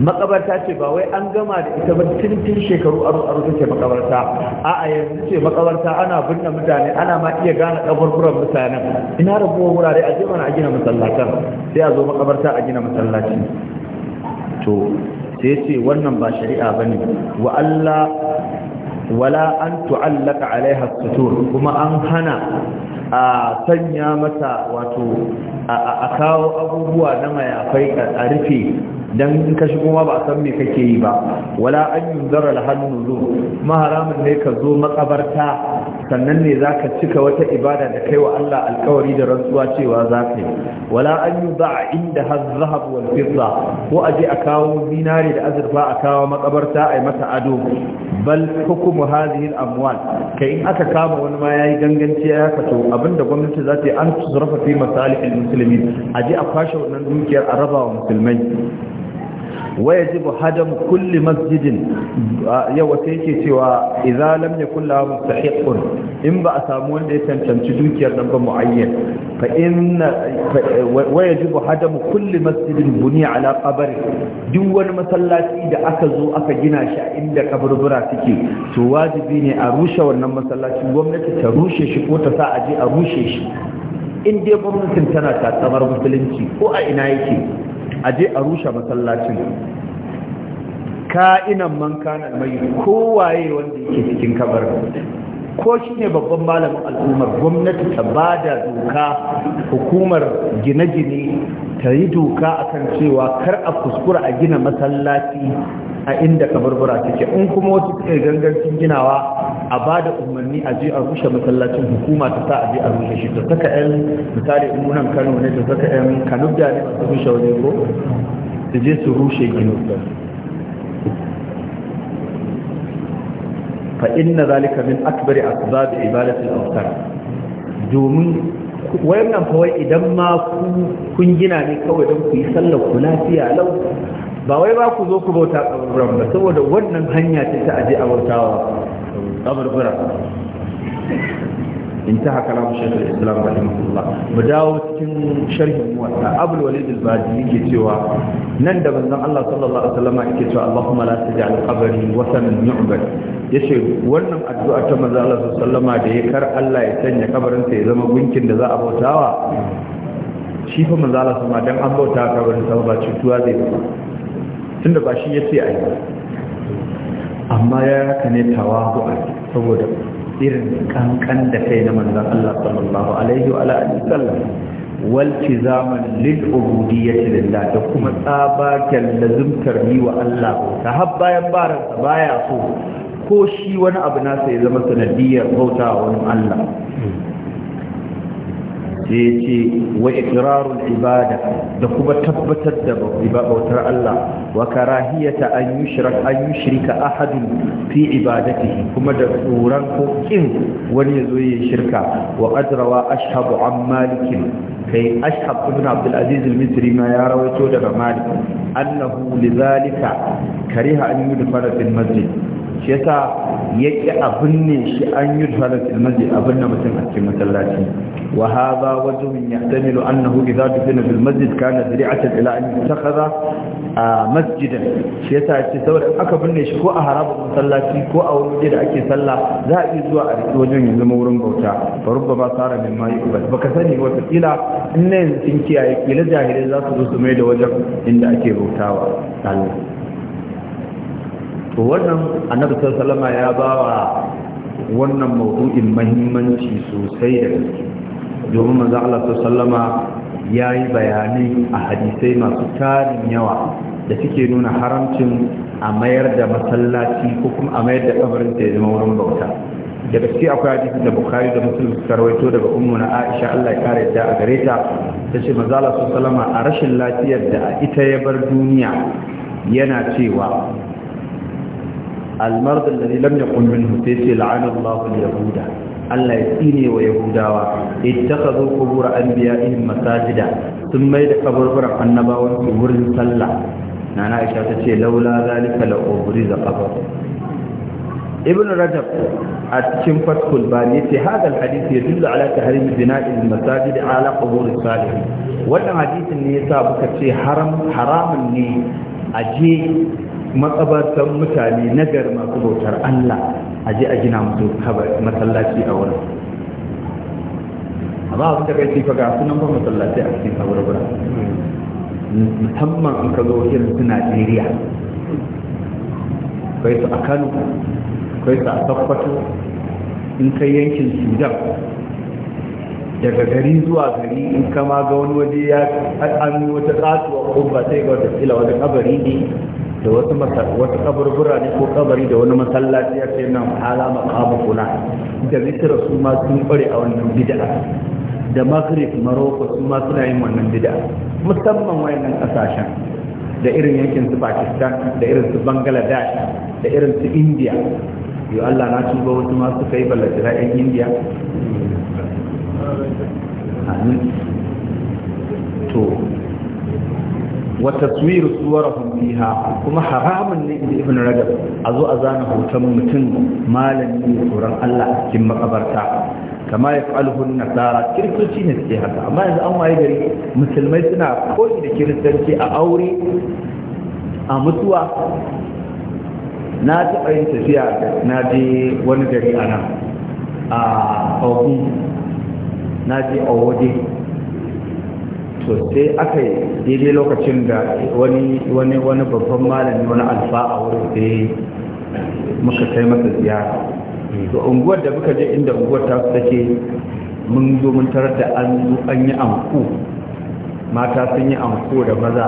makabarta ce ba wai an gama da ita ba tintin shekaru aro aro take makabarta a a yanzu ce makabarta ana binne mutane ana ma iya gane kaburburan mutanen ina rabuwar wurare a je mana a gina masallacin, sai a zo makabarta a gina masallaci sai ce wannan ba shari'a bane wa Allah wala an tu'allaka alaiha sutur kuma an hana a sanya mata wato a kawo abubuwa na mayafai a rufe dan in ka shigo ba a san me kake yi ba wala an yunzara alhannu zu ma Maharamin ne ka zo makabarta sannan ne zaka cika wata ibada da kai wa Allah alkawari da rantsuwa cewa ka yi wala an a inda hazahab wal fidda ko je a kawo zinari da azurfa a kawo makabarta yi mata ado bal hukumu hadhihi al amwal kai in aka kama wani ma yayi ganganci ya haka to abinda gwamnati za ta yi an sarrafa fi masalihil muslimin aje a kwashe wannan dukiyar a raba wa musulmai waya ji bu hadam kulli masjidin ah, yau wata yake cewa idan lam ya kulla wa mustahiqun in ba a samu wanda ya cancanci dukiyar nan ba mu'ayyan fa in waya ji bu hadam kulli masjidin buni ala qabri duk wani masallaci da aka zo aka gina shi a inda kaburbura suke to wajibi ne a rushe wannan masallaci gwamnati ta rushe shi ko ta sa a je a rushe shi in gwamnatin tana tatsamar musulunci ko a ina yake a je a rushe masallacin ka'inan man kana mai kowaye wanda yake cikin kabar ko shi ne babban malamin al'ummar gwamnati ta ba da doka hukumar gine-gine ta yi doka akan cewa kar a kuskura a gina masallaci a inda kaburbura take in kuma wasu suke gangancin ginawa a ba da umarni a je a rushe masallacin hukuma ta sa a je a rushe shi da saka yan misali in munan Kano ne da saka yan Kanubda ne masu rushe waje ko su je su rushe gino fa inna zalika min akbari asbab ibadati al-awtar domin wayan nan kawai idan ma kun gina ne kawai don ku yi sallar ku lafiya lau ba wai ba ku zo ku bauta kaburburan ba saboda wannan hanya ce ta aje a bautawa kaburbura انتهى كلام شيخ الاسلام رحمه mu dawo cikin sharhin muwatta abul walid al badi yake cewa nan da manzon Allah sallallahu alaihi wasallam yake cewa Allahumma la taj'al qabri wasanan yu'bad ya ce wannan addu'a ta maza Allah su sallama da ya kar Allah ya sanya kabarinsa ya zama gunkin da za a bautawa shi fa maza Allah sama don an bauta kabarinsa ba cutuwa zai ba tunda ba shi ya ce a yi amma ya haka ne tawazu a saboda irin kankan da kai na manzan Allah sallallahu alaihi wa alihi sallam wal tizaman lil ubudiyyati lillah da kuma tsabakan lazumtar yi wa Allah ta habbayan bayan baransa baya so ko shi wani abu nasa ya zama sanadiyar bauta wani Allah sai ce wa ikrarul ibada da kuma tabbatar da bautar Allah wa karahiyata an yushraka an yushrika fi ibadatihi kuma da tsoron ko kin wani yazo ya shirka wa qadrawa ashhabu an malikin kai ashhab ibn abdul aziz al-misri ma ya rawaito daga malik annahu lizalika kariha an yudfara fil masjid shi yasa ya ƙi abin ne shi an yi dhala filmaji abin da mutum a cikin masallaci wa haza wajen min ya tamilu annahu idza dufina fil masjid kana zari'atan ila an yi a masjidan shi yasa ya ce saboda aka binne shi ko a harabin masallaci ko a wani da ake sallah za a iya zuwa a riƙe wajen ya zama wurin bauta fa ba sara min ma Ba ka sani wata kila in na ne sun kiyaye kila jahilai za su zo su mai da wajen inda ake bautawa Allah to wannan annabi sallama ya ba wa wannan maudu'in mahimmanci sosai da gaske domin manzo Allah sallama ya yi bayanai a hadisai masu tarin yawa da suke nuna haramcin a mayar da masallaci ko kuma a mayar da kabarin ya zama wurin bauta da gaske akwai hadisi da bukhari da muslim suka rawaito daga ummu na aisha Allah ya kare da a gare ta tace manzo Allah sallama a rashin lafiyar da ita ya bar duniya yana cewa almarda alladhi lam yakun minhu sai ce la'ana Allahu al-yahuda Allah ya tsine wa yahudawa ittakhadhu qubur anbiya'ihim masajida sun mai da kaburburan annabawan su wurin sallah nana Aisha ta ce laula zalika la ubriza qabr ibn rajab a cikin fatkul bani ce hadal hadisi ya dullu ala tahrim bina'i al-masajid ala qubur salihin wannan hadisin ne yasa muka ce haramun ne aje matsabartan mutane na gari masu bautar Allah a je a gina musu masallaci a wurin ba abin da kai ce ga sunan ba masallaci a cikin kaburbura musamman in ka zo irin su Najeriya kai su a Kano kai su a Sokoto in kai yankin Sudan daga gari zuwa gari in kama ga wani waje ya an wata tsatuwa ko ba sai ga wata kila wata kabari ne da wasu wasu kaburbura ne ko kabari da wani masallaci ya ce nan hala maqamu kula da misra su ma sun kware a wannan bid'a da maghrib maroko su ma suna yin wannan bid'a musamman wayannan kasashen da irin yankin su pakistan da irin su bangladesh da irin su india yo Allah na tuba wasu ma su kai ballatira yan india to wa taswiru suwarahum fiha kuma haramun ne inda ibn rajab a zo a zana hoton mutum malami da tsoron Allah a cikin makabarta kama ya falhun nasara kiristoci ne suke haka amma yanzu an waye gari musulmai suna koyi da kiristanci a aure a mutuwa na taɓa yin tafiya na je wani gari a nan a na je a waje to sai aka yi daidai lokacin da wani wani babban malami wani alfa a wurin da muka kai masa ziyara to unguwar da muka je inda unguwar ta su take mun zo mun tarar da an an yi anku mata sun yi anko da maza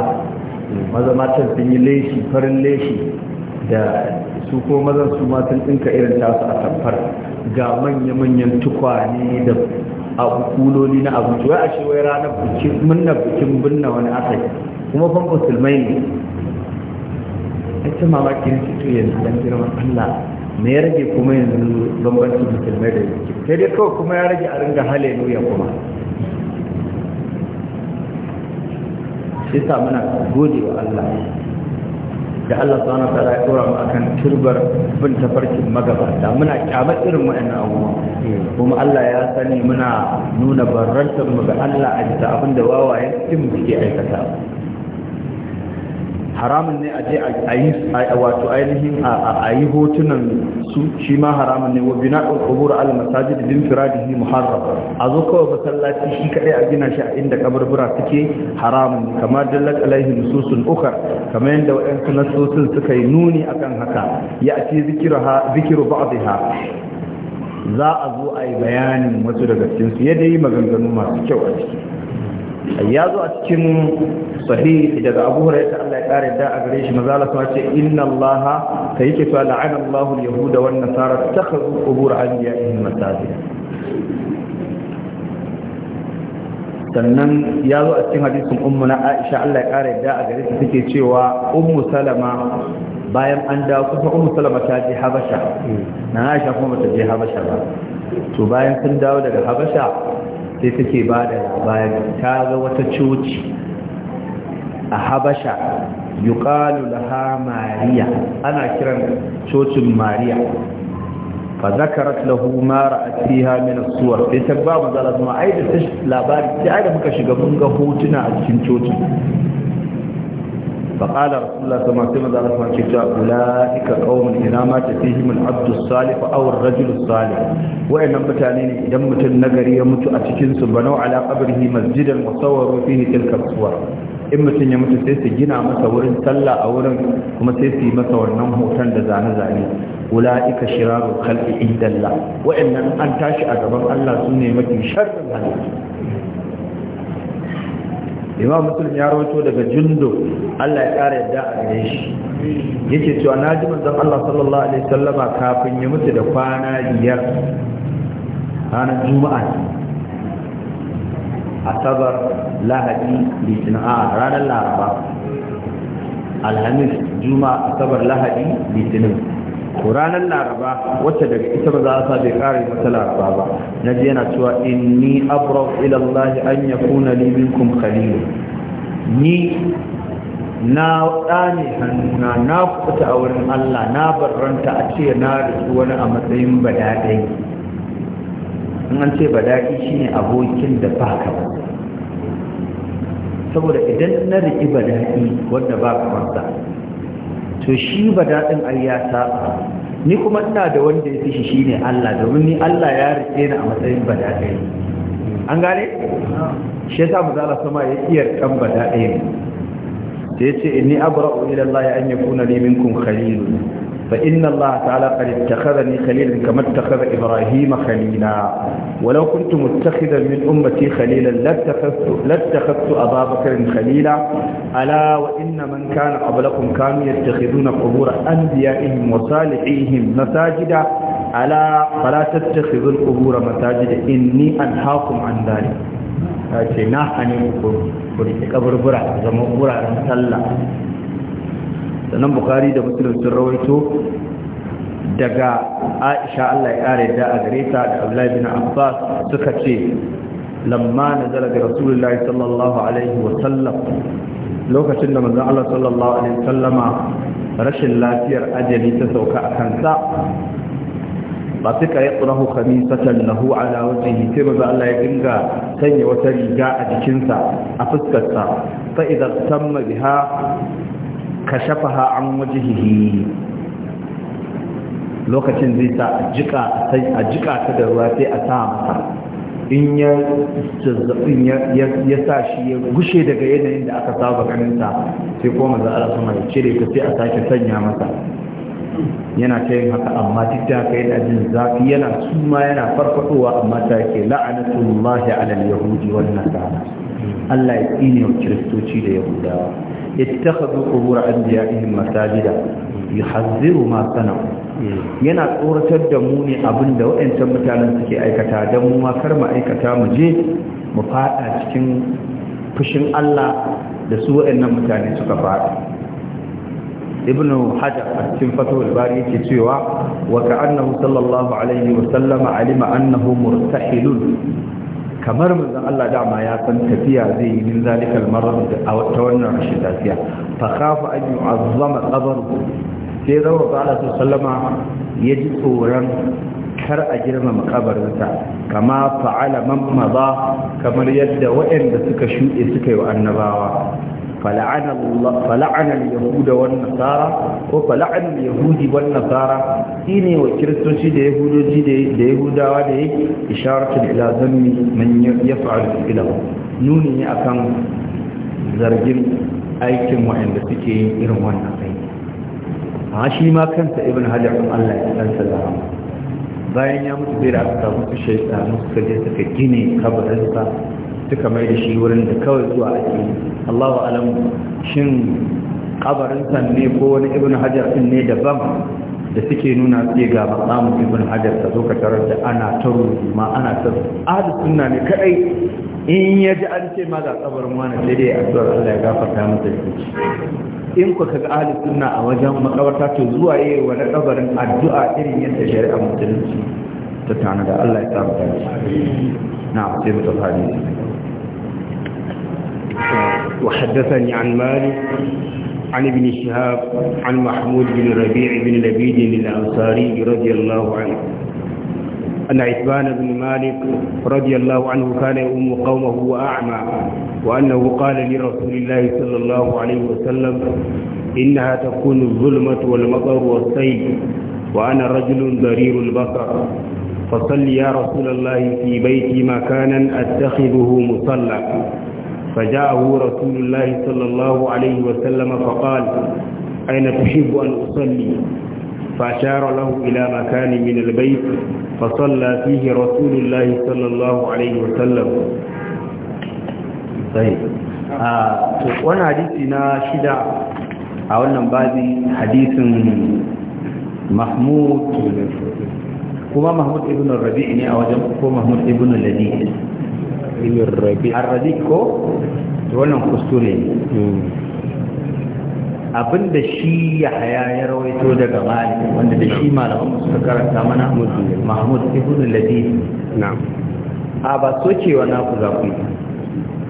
maza matan sun yi leshi farin leshi da su ko mazan su ma sun dinka irin tasu a tamfar ga manya-manyan tukwane da a kuloli na abinci wai a ce wai ranar bikin munna bikin binna wani asali kuma fa musulmai ne ita mamaki ne to yanzu dan girman Allah me ya rage kuma yanzu bambanci musulmai da yake sai dai kawai kuma ya rage a ringa haleluya kuma shi sa muna gode wa Allah da Allah subhanahu wa ta'ala ya dora mu akan turbar bin tafarkin magabata muna kyamar irin wa'annan abubuwa kuma Allah ya sani muna nuna barrantar mu ga Allah a jita abin da wawayen cikin muke aikata haramun ne a je a yi wato ainihin a yi hotunan su shi ma haramun ne wa bina ɗan qubur al-masajid bin firadihi muharram a zo kawai masallaci shi kaɗai a gina shi a inda kabarbura suke haramun kamar dallat alaihi nususun ukar. kamar yadda waɗansu nasosin suka yi nuni akan haka ya ce zikiru ba'dha za a zo a yi bayanin wasu daga cikinsu ya yi maganganu masu kyau a ciki ya zo a cikin sahihi daga abu hurairah Allah ya kare da a gare shi maza Allah ce inna Allah ta yake cewa la'ana Allah al-yahuda wan nasara takhadhu qubur anbiya'ihim masajid sannan ya zo a cikin hadisin ummu na Aisha Allah ya kare da a gare ta take cewa ummu salama bayan an dawo kusa ummu salama ta je habasha hmm. na Aisha kuma ta je habasha ba to bayan sun dawo daga habasha sai take ba da labari ta ga wata coci a habasha yuqalu laha mariya ana kiran cocin mariya fa zakarat lahu ma ra'at fiha min as-suwar sai ta ba ma ai da labari sai ai da muka shiga mun ga hotuna a cikin cocin فقال رسول الله صلى الله عليه وسلم أولئك قوم إذا مات فيهم العبد الصالح أو الرجل الصالح وإن متانين إذا مت النقر يمت أتكنس بنوا على قبره مسجدا وصوروا فيه تلك الصور in mutum ya mutu sai su gina masa wurin sallah a wurin kuma sai su yi masa wannan hoton da zane-zane ula'ika shirarun khalqi indallah wa'annan an tashi a gaban Allah su mafi sharrin halittu imam muslim ya rawato daga jundo, Allah ya kare yadda a gare shi yake cewa ji manzon Allah sallallahu alaihi wasallama kafin ya mutu da kwana biyar ranar juma'a asabar lahadi litinin a ranar laraba alhamis juma'a asabar lahadi litinin ranar laraba wacce daga ita ba za a sabe kare mata laraba ba na ji yana cewa in ni ila ilallahi an yakuna limin minkum khalil ni na ɗane hannuna na kuta a wurin Allah na barranta a ce na rufu wani a matsayin badaɗai in an ce badaɗi shine abokin da ba ka ba saboda idan na riƙi badaɗi wanda ba ka to shi ba daɗin ai ya saba ni kuma ina da wanda ya fi shi shine Allah domin ni Allah ya rike ni a matsayin ba daɗin an gane shi yasa mu zala sama ya iya kan ba daɗin sai ya ce inni abra'u ila Allah an yakuna li minkum khalilun فإن الله تعالى قد اتخذني خليلا كما اتخذ إبراهيم خليلا ولو كنت متخذا من أمتي خليلا لاتخذت, أبا بكر خليلا ألا وإن من كان قبلكم كانوا يتخذون قبور أنبيائهم وصالحيهم مساجدا ألا فلا تتخذوا القبور مساجدا إني أنهاكم عن ذلك ce na hane برع ku برع kaburbura sannan bukari da muslim sun rawaito daga aisha allah ya kare da a gare ta da abdullahi bin abbas suka ce lamma na zalaga rasulullahi sallallahu alaihi wasallam lokacin da manzan allah sallallahu alaihi wasallama rashin lafiyar ajali ta sauka a kansa ba su ka yi ƙurahu satan na hu ala wajen sai maza Allah ya dinga sanya wata riga a jikinsa a fuskarsa ta idan tamma biha kashafaha an wajihihi lokacin zai sa a jika ta da ruwa sai a sa masa in ya ya sa shi ya gushe daga yanayin da aka saba ganinsa sai kuma za a sama ya cire ta sai a sake sanya masa yana ta yin haka amma duk da haka yana jin zafi yana suma yana farfadowa amma ta ke la'anatullahi alal yahudi wannan nasara Allah ya tsine wa kiristoci da yahudawa ittakhadhu qubur anbiya'ihim masajida yuhazziru ma sana'u yana tsoratar da mu ne abinda waɗancan mutanen suke aikata dan mu ma kar mu aikata mu je mu faɗa cikin fushin Allah da su waɗannan mutane suka fada ibnu hajar a cikin fatawar bari yake cewa wa annahu sallallahu alaihi wa sallama alima annahu murtahilun kamar manzon Allah dama ya san tafiya zai yi min zalikal marad a ta wannan rashin lafiya fa khafa an yu'azzama qabru sai zama ba Allah sallama ya ji tsoron kar a girmama kabarinsa kama fa'ala man maza kamar yadda waɗanda suka shuɗe suka yi wa annabawa فلعن الله فلعن اليهود والنصارى وفلعن wa والنصارى da وكريستوسي ده يهودي da يهودا وده إشارة إلى ذم من يفعل Nuni ne akan zargin aikin waɗanda suke irin wannan aiki a shi ma kansa ibn halittun allah ya san salama bayan ya mutu bai da aka samu su shaitanu suka je suka gine kabarinsa suka mai da shi wurin da kawai zuwa ake Allahu alamu shin kabarin san ne ko wani ibn hajar din ne daban da suke nuna sai ga matsamu ibn hajar ta zo ka tarar da ana ta ma ana ta ahli sunna ne kadai in ya ji an ce ma ga kabarin wani sai dai addu'ar Allah ya gafarta masa shi in ku kaga ahli sunna a wajen makabarta to zuwa yi wani kabarin addu'a irin yadda shari'ar musulunci ta tana da Allah ya samu dace na sai mutum hadisi وحدثني عن مالك عن ابن شهاب عن محمود بن ربيع بن لبيد الأنصاري رضي الله عنه أن عثمان بن مالك رضي الله عنه كان يؤم قومه وأعمى وأنه قال لرسول الله صلى الله عليه وسلم إنها تكون الظلمة والمطر والسيل وأنا رجل ضرير البصر فصل يا رسول الله في بيتي مكانا أتخذه مصلى فجاءه رسول الله صلى الله عليه وسلم فقال أين تحب أن أصلي فأشار له إلى مكان من البيت فصلى فيه رسول الله صلى الله عليه وسلم طيب وانا حديثنا شدع أولا بعضي حديث محمود كما محمود ابن الربيع أو جمع كما محمود ابن الذي ibn rabi ar-rabi ko wannan kuskure hmm. abin da shi ya haya ya rawaito daga mali wanda da shi malaman suka karanta mana mahmud ibn ladid na'am a ba so cewa na ku za ku yi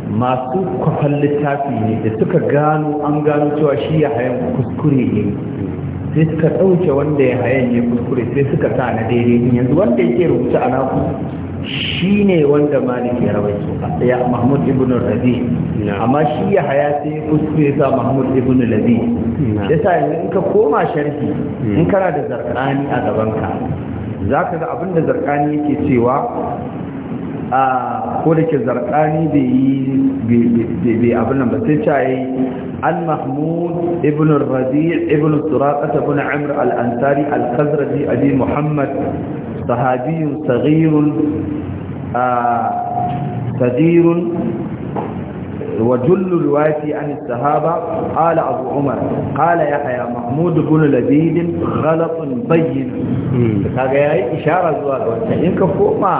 masu kwafan littafi ne da suka gano an gano cewa shi ya hayan kuskure ne sai suka ɗauke wanda ya hayan ne kuskure sai suka sa na daidai yanzu wanda yake rubuta a naku shi ne wanda malik ya rawai suka ya mahmud ibn rabi amma shi ya haya sai ya sa mahmud ibn Ya sa yanzu in ka koma sharhi hmm. in kana da zarkani a gabanka za ka ga abin da zarkani yake cewa a ko da ke zarkani da yi bai abin nan ba sai caye an mahmud ibn razi' ibn suraqat ibn amr al-ansari al-khazraji abi muhammad sahabiyun saghirun sadirun وجل روايتي عن الصحابة قال أبو عمر قال يحيى محمود بن لبيد غلط بين هذا إشارة زوال وإنك فوق ما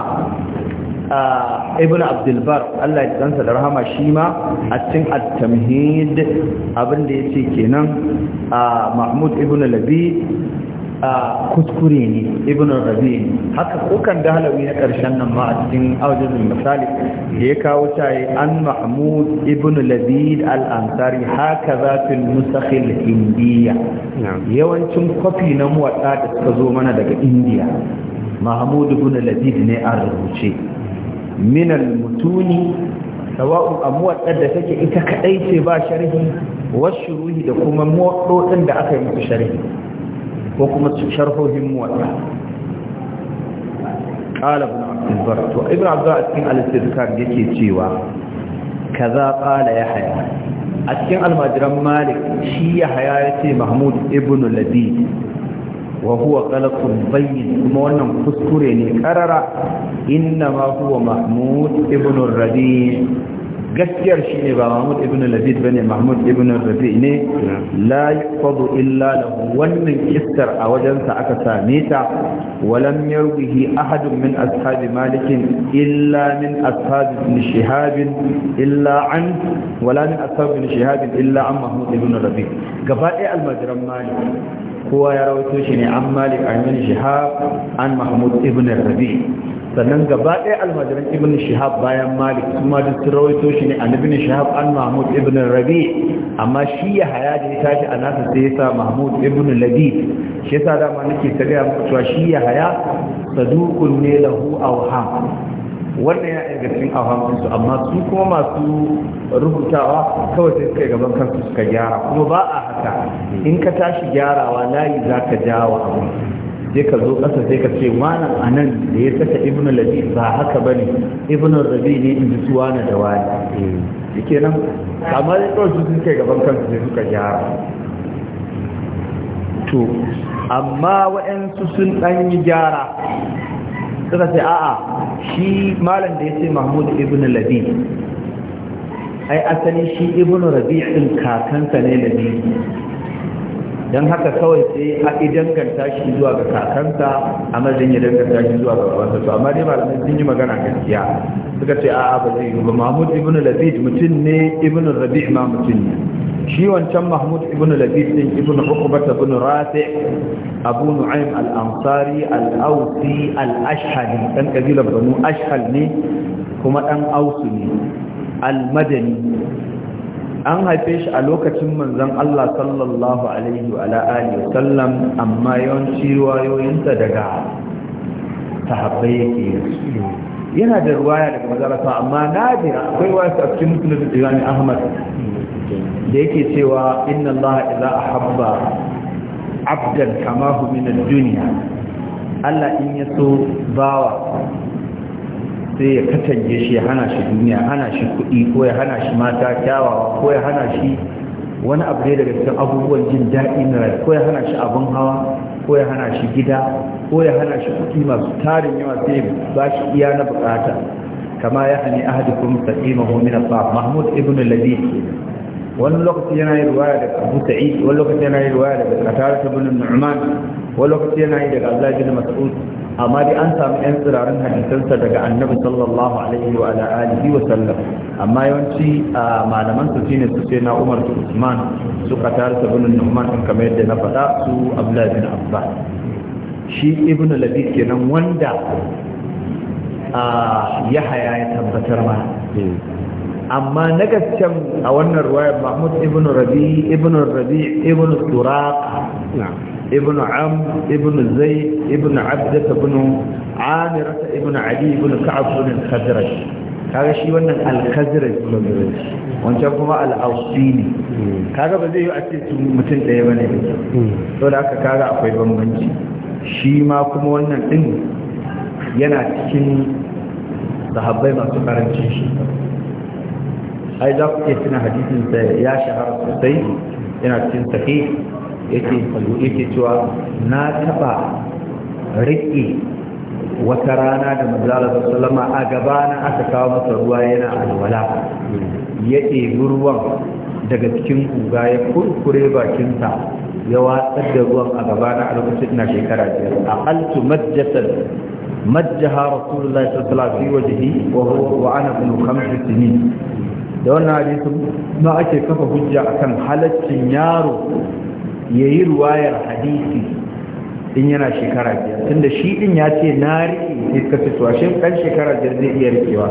ibn abdulbar Allah ya ɗansa da rahama shi ma a cikin at-tamhid abinda ya ce kenan mahmud ibn labi kuskure ne ibn rabi haka kukan da na karshen nan ma a cikin aujizul misali da ya kawo tayi an mahmud ibn labi al-ansari haka zafin fil musakhil indiya yawancin kwafi na muwatsa da suka zo mana daga indiya mahmud ibn labi ne a rubuce minal mutuni sawa'un amuwar da take ita kadai ce ba sharhi wasu ruhi da kuma muwaɗoɗin da aka yi musu sharhi ko kuma sharhohin muwaɗa قال ابن عبد البر تو ابن عبد الله cikin al-istizkar yake cewa kaza qala haya a cikin almajiran malik shi ya haya ya ce mahmud ibn labid wa huwa qalqun bayyin kuma wannan kuskure ne karara inna ma huwa mahmud ibn rabi gaskiyar ne ba mahmud ibn labid bane mahmud ibn rabi ne la yaqadu illa lahu wannan kissar a wajensa aka same ta walam yarwihi ahadun min ashabi malik illa min ashabi ibn shihab illa an wala min ashabi ibn shihab illa an mahmud ibn rabi gaba ɗaya almajiran malik kowa ya rawaito shi ne an malik amin shihab an mahmud ibn rabi sannan gaba ɗaya almajiran ibn shihab bayan malik kuma duk sun rawaito shi ne an ibn shihab an mahmud ibn rabi amma shi ya haya da ya tashi a nasa sai ya sa mahmud ibn labib shi yasa dama nake ta gaya muku cewa shi ya haya saduqun ne lahu auham wannan ya inganta cikin ahamansu amma su kuma masu rubutawa kawai sai suka gaban kansu suka gyara kuma ba a haka in ka tashi gyarawa layi za ka jawa abu sai ka zo ƙasa sai ka ce wannan a nan da ya saka ibn labi ba haka ba ne ibn rabi ne in ji suwa na da wani shi kenan amma ya kawai su suka gaban kansu sai suka gyara to amma waɗansu sun ɗan yi gyara suka ce a'a shi malam da ya ce mahmud ibn labi ai asali shi ibn in kakansa ne labi don haka kawai sai a danganta shi zuwa ga kakansa a mazin ya danganta shi zuwa ga kawansa to amma dai malamai sun yi magana gaskiya suka ce a'a ba zai yi ba mahmud ibn labi mutum ne ibn rabi' ma mutum ne shi wancan mahmud ibn labid din ibn uqbah ibn rafi abu nu'aym al-ansari al-ausi al-ashhali dan kabila banu ashhal ne kuma dan awsu ne al-madani an haife shi a lokacin manzon Allah sallallahu alaihi wa alihi wa sallam amma yawanci riwayoyinsa daga sahabbai yake yana da ruwaya daga mazalasa amma nadira akwai wasu a cikin musulun da Ahmad da yake cewa inna Allah idza ahabba abdan hu min ad-dunya Allah in ya so bawa sai ya katange shi ya hana shi duniya hana shi kuɗi ko ya hana shi mata kyawawa ko ya hana shi wani abu ne daga cikin abubuwan jin daɗi na rai ko ya hana shi abin hawa ko ya hana shi gida ko ya hana shi kuɗi masu tarin yawa sai ba shi iya na bukata kama ya hani ahadukum hu min al-fa Mahmud ibn al al-ladhi wani lokaci yana yi ruwaya daga abu sa'id wani lokaci yana yi ruwaya daga ta ibn nu'man wani lokaci yana yi daga abdullah bin mas'ud amma dai an samu yan tsirarin hadisansa daga annabi sallallahu alaihi wa ala alihi wa sallam amma yawanci malaman su shine su sai na umar su usman su qatar ibn nu'man kamar yadda na faɗa su abdullah bin abbas shi ibnu labid kenan wanda ya haya ya tabbatar ma eh. amma na gaskiyar a wannan ruwayar mahmud ibn rabi ibn rabi ibn turaq ibn am ibn zai ibn abdat ibn amir ibn ali ibn ka'ab ibn khadraj kaga shi wannan al-khadraj wancan kuma al-awsi ne hmm. kaga ba zai yi a ce mutum ɗaya bane to hmm. da haka kaga akwai bambanci shi ma kuma wannan din yana cikin sahabbai masu karancin shi ai za ku iya tuna hadisin sa ya shahara sosai yana cikin sahih yake yake cewa na taba riƙe wata rana da manzala sallama a na aka kawo masa ruwa yana alwala ya ɗebi ruwan daga cikin kuga ya kurkure bakinsa ya watsar da ruwan a gabana na lokacin na shekara biyar a altu majjasar majjaha rasulullahi sallallahu alaihi wa sallam wa ana bin kamsu da wannan hadisin ma ake kafa hujja akan halaccin yaro ya yi ruwayar hadisi in yana shekara biyar tunda shi din ya ce na riƙe sai suka ce tuwa shin shekara biyar zai iya riƙewa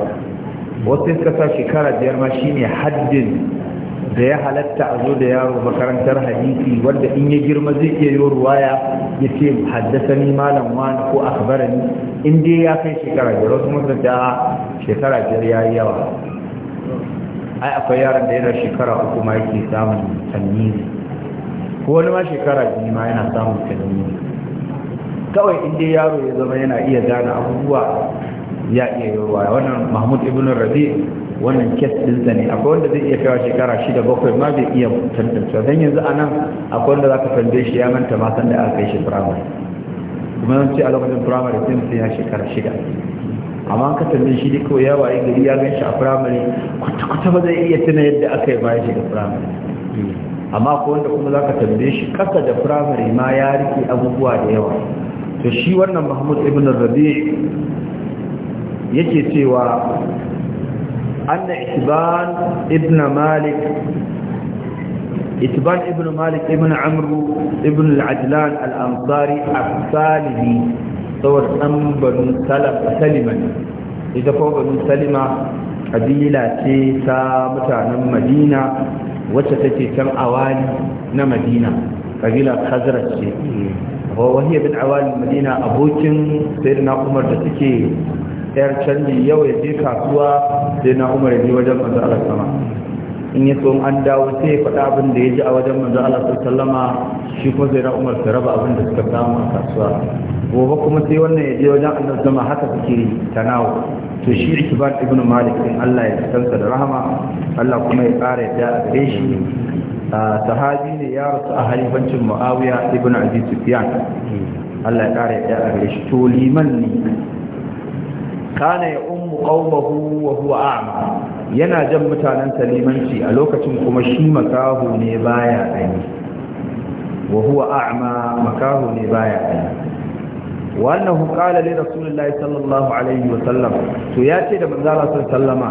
wasu suka sa shekara biyar ma shine haddin da ya halatta a zo da yaro makarantar hadisi wanda in ya girma zai iya yi ruwaya ya ce haddasa ni malam wani ko akbarani in dai ya kai shekara biyar wasu mutunta shekara biyar ya yi yawa ai akwai yaron da yana shekara uku ma yake samun tannini ko wani ma shekara biyu ma yana samun tannini kawai inda yaro ya zama yana iya gane abubuwa ya iya yawa wannan mahmud ibn rabi wannan kes ɗinsa ne akwai wanda zai iya kaiwa shekara shida bakwai ma zai iya tantance don yanzu a nan akwai wanda za ka tambaye shi ya manta ma san da aka kai shi firamare kuma yanci a lokacin firamare sai mutum ya shekara shida amma ka tambaye shi duka ya waye gari ya gan shi a firamare kwata-kwata ba zai iya tuna yadda aka yi bayan shiga firamare amma ko wanda kuma za ka tambaye shi kasa da firamare ma ya rike abubuwa da yawa to shi wannan mahmud ibn rabi yake cewa anna itban ibn malik itban ibn malik ibn amru ibn al-ajlan al-ansari as tsawar ɗan banu salima ne ita kuma banu salima kabila ce ta mutanen madina wacce take can awali na madina kabila khazraj ce wahiyar bin awali madina abokin sayar na umar da suke yar canji yau ya je kasuwa sai na umar ya je wajen manzo Allah sama in ya so an dawo sai ya faɗa abin da ya ji a wajen manzo Allah sallama shi kuma zai Umar ta raba abin da suka samu a kasuwa gobe kuma sai wannan ya je wajen Allah sama haka suke tanawo to shi ikibar ibnu Malik In Allah ya tsansa da rahama Allah kuma ya ƙara ya a gare shi sahabi ne ya rasu a halifancin Muawiya ibn Abi Sufyan Allah ya ƙara ya a gare shi to liman ne kana ya ummu qaumahu wa huwa a'ma yana jan mutanen salimanci a lokacin kuma shi makahu ne baya gani wa huwa a'ma makahu ne baya gani wa annahu qala li rasulillahi sallallahu alaihi wa sallam to ya ce da manzo Allah sallama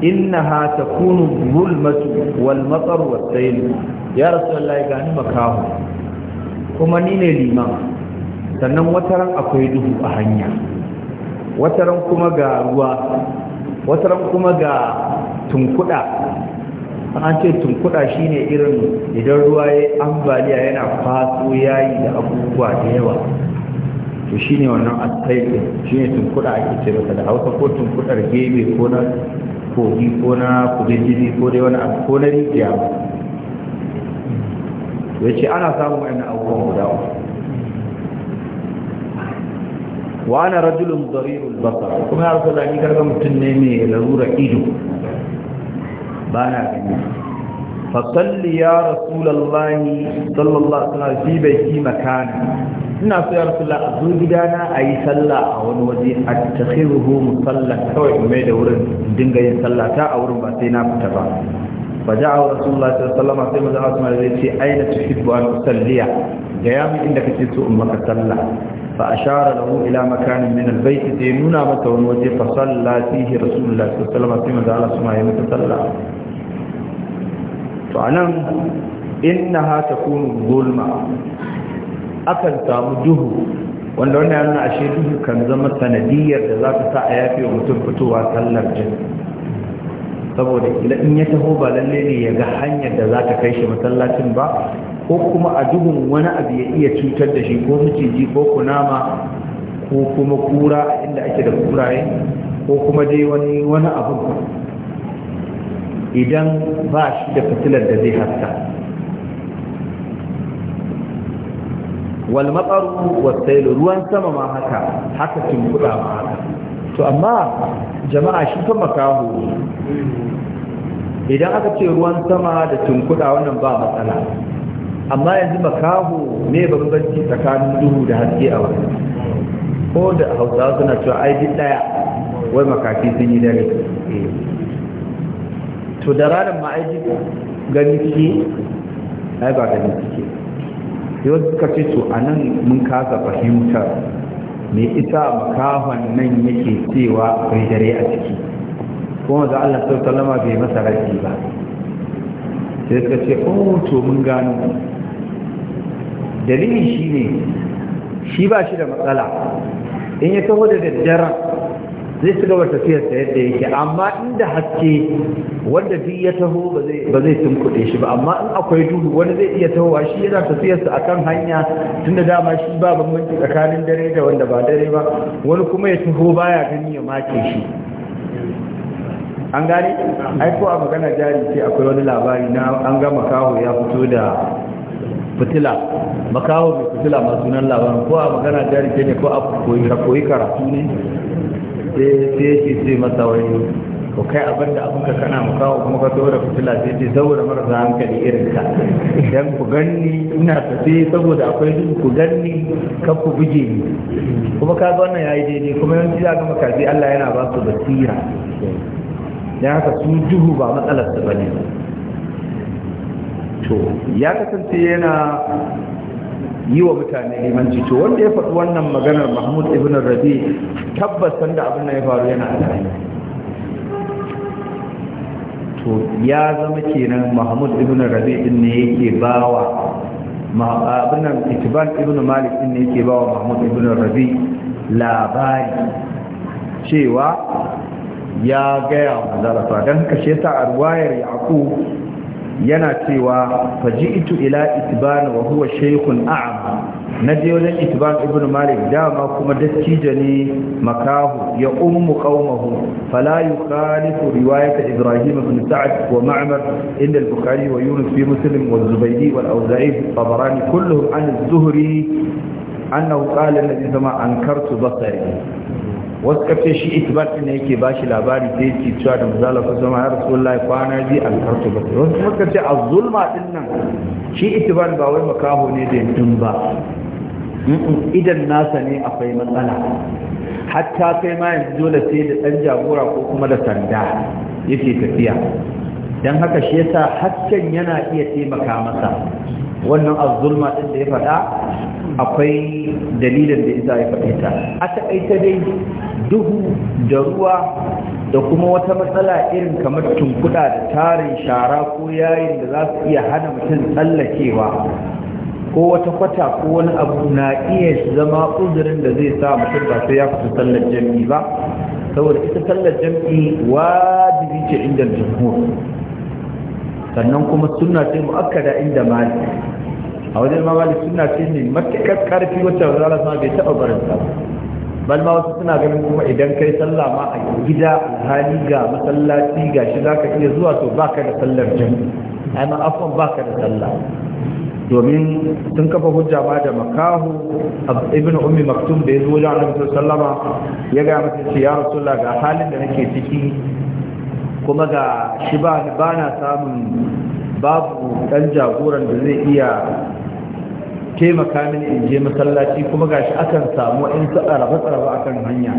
innaha takunu zulmatu wal matar was sayl ya rasulullahi gani makahu kuma ni ne liman sannan wataran akwai duhu a hanya wataran kuma ga ruwa wataran kuma ga tunkuda an ce tunkuda shine irin idan ruwa ya ambaliya yana faso yayi da abubuwa da yawa to shine wannan Shi shine tunkuda ake ce masa da hausa ko tunkudar gebe ko na kogi ko na kudin ko dai wani abu ko na rijiya ya ce ana samun wani abubuwan guda uku wa ana rajulun darirul basar kuma ya rasu ni karga mutum ne mai larura ido ba na gani fasalli ya lallani sallallahu alaihi fi bai fi makana ina so ya rasu a zo gidana a yi sallah a wani waje a takhiruhu musalla kawai mai da wurin dinga yin sallata ta a wurin ba sai na fita ba faja'a rasulullah sallallahu alaihi wasallam sai manzo Usman ya ce aina tuhibbu an usalliya ga yami inda kace so umma ka Ba fa ashara lahu ila makanin min albayt da nuna mata wani waje fa salla fihi rasulullah sallallahu alaihi wasallam sai manzo Usman ya salla to anan inna ha takunu gulma akan samu duhu wanda wannan yana ashe duhu kan zama sanadiyar da zaka sa a yafi wa mutum fitowa sallar jin saboda ila in ya taho ba lalle ne ya ga hanyar da za ta kai shi masallacin ba ko kuma a duhun wani abu ya iya cutar da shi ko miciji ko kunama ko kuma kura inda ake da kuraye ko kuma dai wani wani abu idan ba shi da fitilar da zai haska wal maqaru was ruwan sama ma haka haka kin kuda ma haka to amma jama'a shi fa makaho idan aka ce ruwan sama da tunkuda wannan ba matsala amma yanzu makaho ne bambanci tsakanin duhu da haske a wani ko da hausawa suna cewa ai duk daya wai makafi sun yi dare eh. to da ranar ma ai gani ke ai ba gani ke yau suka ce to anan mun kasa fahimtar me isa makahon nan yake cewa akwai dare a ciki kuma za Allah sau talama bai masa rafi ba sai suka ce oh to mun gano dalili shi ne shi ba shi da matsala in ya taho da daddara. zai shiga gaba tafiyar ta yadda yake amma inda haske wanda duk ya taho ba zai tunkuɗe shi ba amma in akwai duhu wani zai iya taho shi yana tafiyarsa a kan hanya tun da dama shi ba bambanci tsakanin dare da wanda ba dare ba wani kuma ya taho baya gani ya make shi an gane ai ko a magana jari ce akwai wani labari na an ga makaho ya fito da fitila makaho mai fitila masu nan labarin ko a magana jari ce ne ko a koyi karatu ne sai yake ce masa wani ko kai abin da abinka kana mu kawo kuma ka zo da fitila sai ce saboda marasa hankali irin ka idan ku ganni ina tafi saboda akwai duk ku ganni kan ku buge ni kuma ka ga wannan yayi daidai kuma yawanci za ga makafi Allah yana ba su basira dan haka su duhu ba matsalar su bane to ya kasance yana yi wa mutane limanci to wanda ya faɗi wannan maganar mahmud ibn rabi tabbas sanda abin da ya faru yana tare to ya zama kenan mahmud ibn rabi din ne yake bawa abin nan itiban ibn malik din ne yake bawa mahmud ibn rabi labari cewa ya gaya wa zarafa dan kashe ta a ruwayar yaƙu yana cewa itu ila itban wa huwa shaykhun a'am naje wajen itban ibnu malik dama kuma dattijo ne makahu ya ummu qaumahu fala yukhalifu riwayat ibrahim ibn sa'd wa ma'mar inda al-bukhari wa yunus fi muslim wa zubaydi wal awza'i tabarani kulluhum an az-zuhri annahu qala alladhi ankartu basari wasu kace shi ɗin ne yake ba shi labari da yake cewa da mazala ko zama ya rasulullahi kwana bi alkartu ba wasu kuma a zulma ɗin nan shi itibat ba wai makaho ne da yantin ba idan nasa ne akwai matsala hatta kai ma yanzu dole sai da ɗan jagora ko kuma da sanda yake tafiya dan haka shi yasa hasken yana iya taimaka masa wannan azulma ɗin da ya faɗa akwai dalilin da isa ya faɗe ta a taƙaita dai duhu da ruwa da kuma wata matsala irin kamar tunkuɗa da tarin shara ko yayin da za su iya hana mutum tsallakewa ko wata kwata ko wani abu na iya zama uzurin da zai sa mutum ba sai ya fita tsallar jam'i ba saboda ita sallar jam'i wajibi ce inda jumhur sannan kuma sunna sai mu'akkada inda mali a wajen ma suna ce ne matuƙar ƙarfi wacce wazara sama bai taɓa barin ba. bal ma wasu suna ganin kuma idan kai sallah ma a gida alhali ga masallaci ga shi za ka iya zuwa to baka da sallar jami'i ai ma ba ka da sallah domin sun kafa hujja ma da makahu ibn ummi maktum da ya zo wajen annabi sallama ya ga masa ce ya rasulullah ga halin da nake ciki kuma ga shi ba na samun babu ɗan jagoran da zai iya taimaka mini in je masallaci kuma gashi akan samu in su araba araba akan hanya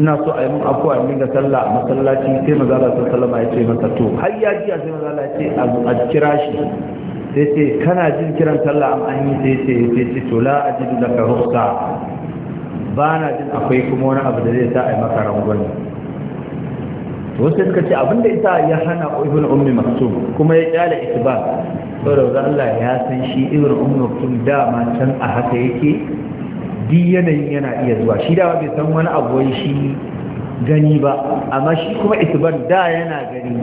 ina so a yi mun afuwa in dinga sallah masallaci sai maza sallama ya ce masa to har ya ji sai maza ce a kira shi sai ce kana jin kiran sallah am an yi sai ce sai ce to la ajidu laka rukhsa ba na jin akwai kuma wani abu da zai sa a maka rangwani wasu suka ce abinda isa ya hana ibn ummi maktum kuma ya kyale isba saboda wanda Allah ya san shi ibn ummi maktum dama can a haka yake di yanayin yana iya zuwa shi dama bai san wani abu wai shi gani ba amma shi kuma isban da yana gani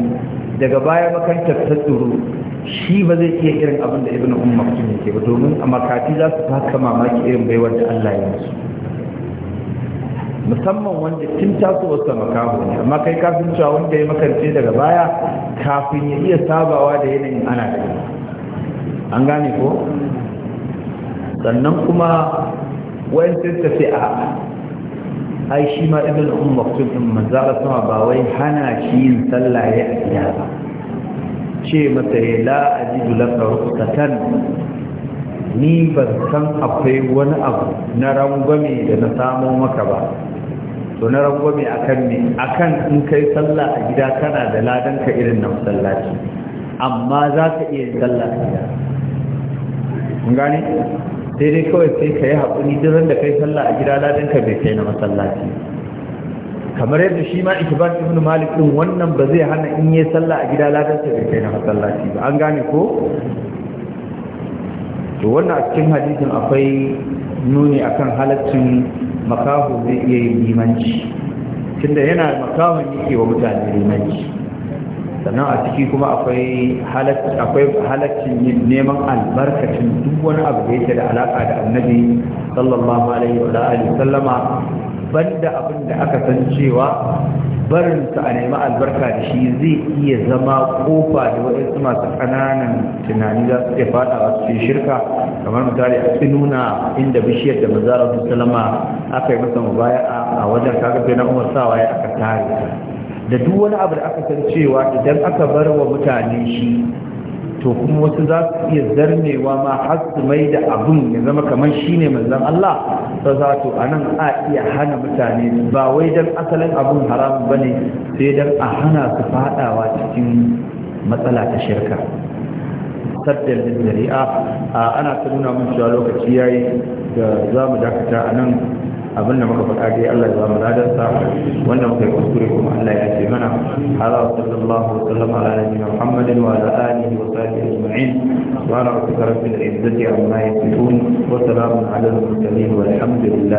daga baya makantar ta tsoro shi ba zai iya irin abin da ibn ummi maktum yake ba domin a makati za su baka mamaki irin baiwar da Allah ya musu musamman wanda tun taso wasu makamu ne amma kai kafin cewa wanda ya makarce daga baya kafin ya iya sabawa da yanayin ana da an gane ko sannan kuma wayan sai tafi a ai shi ma ibn umar maktub din sama ba wai hana shi yin sallah ya gida ba ce mata ya eh, la ajidu laka ruqatan ni ban san akwai wani abu na rangwame da na samo maka ba to na rangwame akan a akan in kai sallah a gida kana da ladan ka irin na masallaci amma za ka iya yin sallah a gida kun gane sai dai kawai sai ka yi haƙuri duran da kai sallah a gida ladan ka bai kai na masallaci kamar yadda shi ma ikibar ibn malik din wannan ba zai hana in yi sallah a gida ladan ka bai kai na masallaci ba an gane ko to wannan a cikin hadisin akwai nuni akan halaccin makaho zai iya yin limanci tunda yana makahon yake wa mutane limanci sannan a ciki kuma akwai halaccin neman albarkacin duk wani abu da yake da alaka da annabi sallallahu alaihi wa sallama banda abin da aka san cewa barinsa a nemi albarka da shi zai iya zama kofa da waɗansu masu ƙananan tunani za su iya fada wasu cikin shirka kamar misali a tsinuna inda bishiyar da mazara su salama aka yi masa mubaya a wajen kaga sai na umar sawa ya aka tare da duk wani abu da aka san cewa idan aka bar wa mutane shi to kuma wasu za su iya zarnewa ma har su mai da abun ya zama kamar shine manzan Allah ta za to a nan a iya hana mutane ba wai don asalin abun haramun ba ne sai don a hana su fadawa cikin matsala ta shirka saddar da zari'a ana ta nuna mun cewa lokaci yayi da za mu dakata a nan abin da muka faɗa dai Allah ya ba mu ladan sa wanda muka yi kuskure kuma Allah ya ce mana hada wa sallallahu wa sallam ala nabiyyina Muhammadin wa ala alihi wa sahbihi ajma'in wa ala izzati amma yasifun wa salamun ala al-mursalin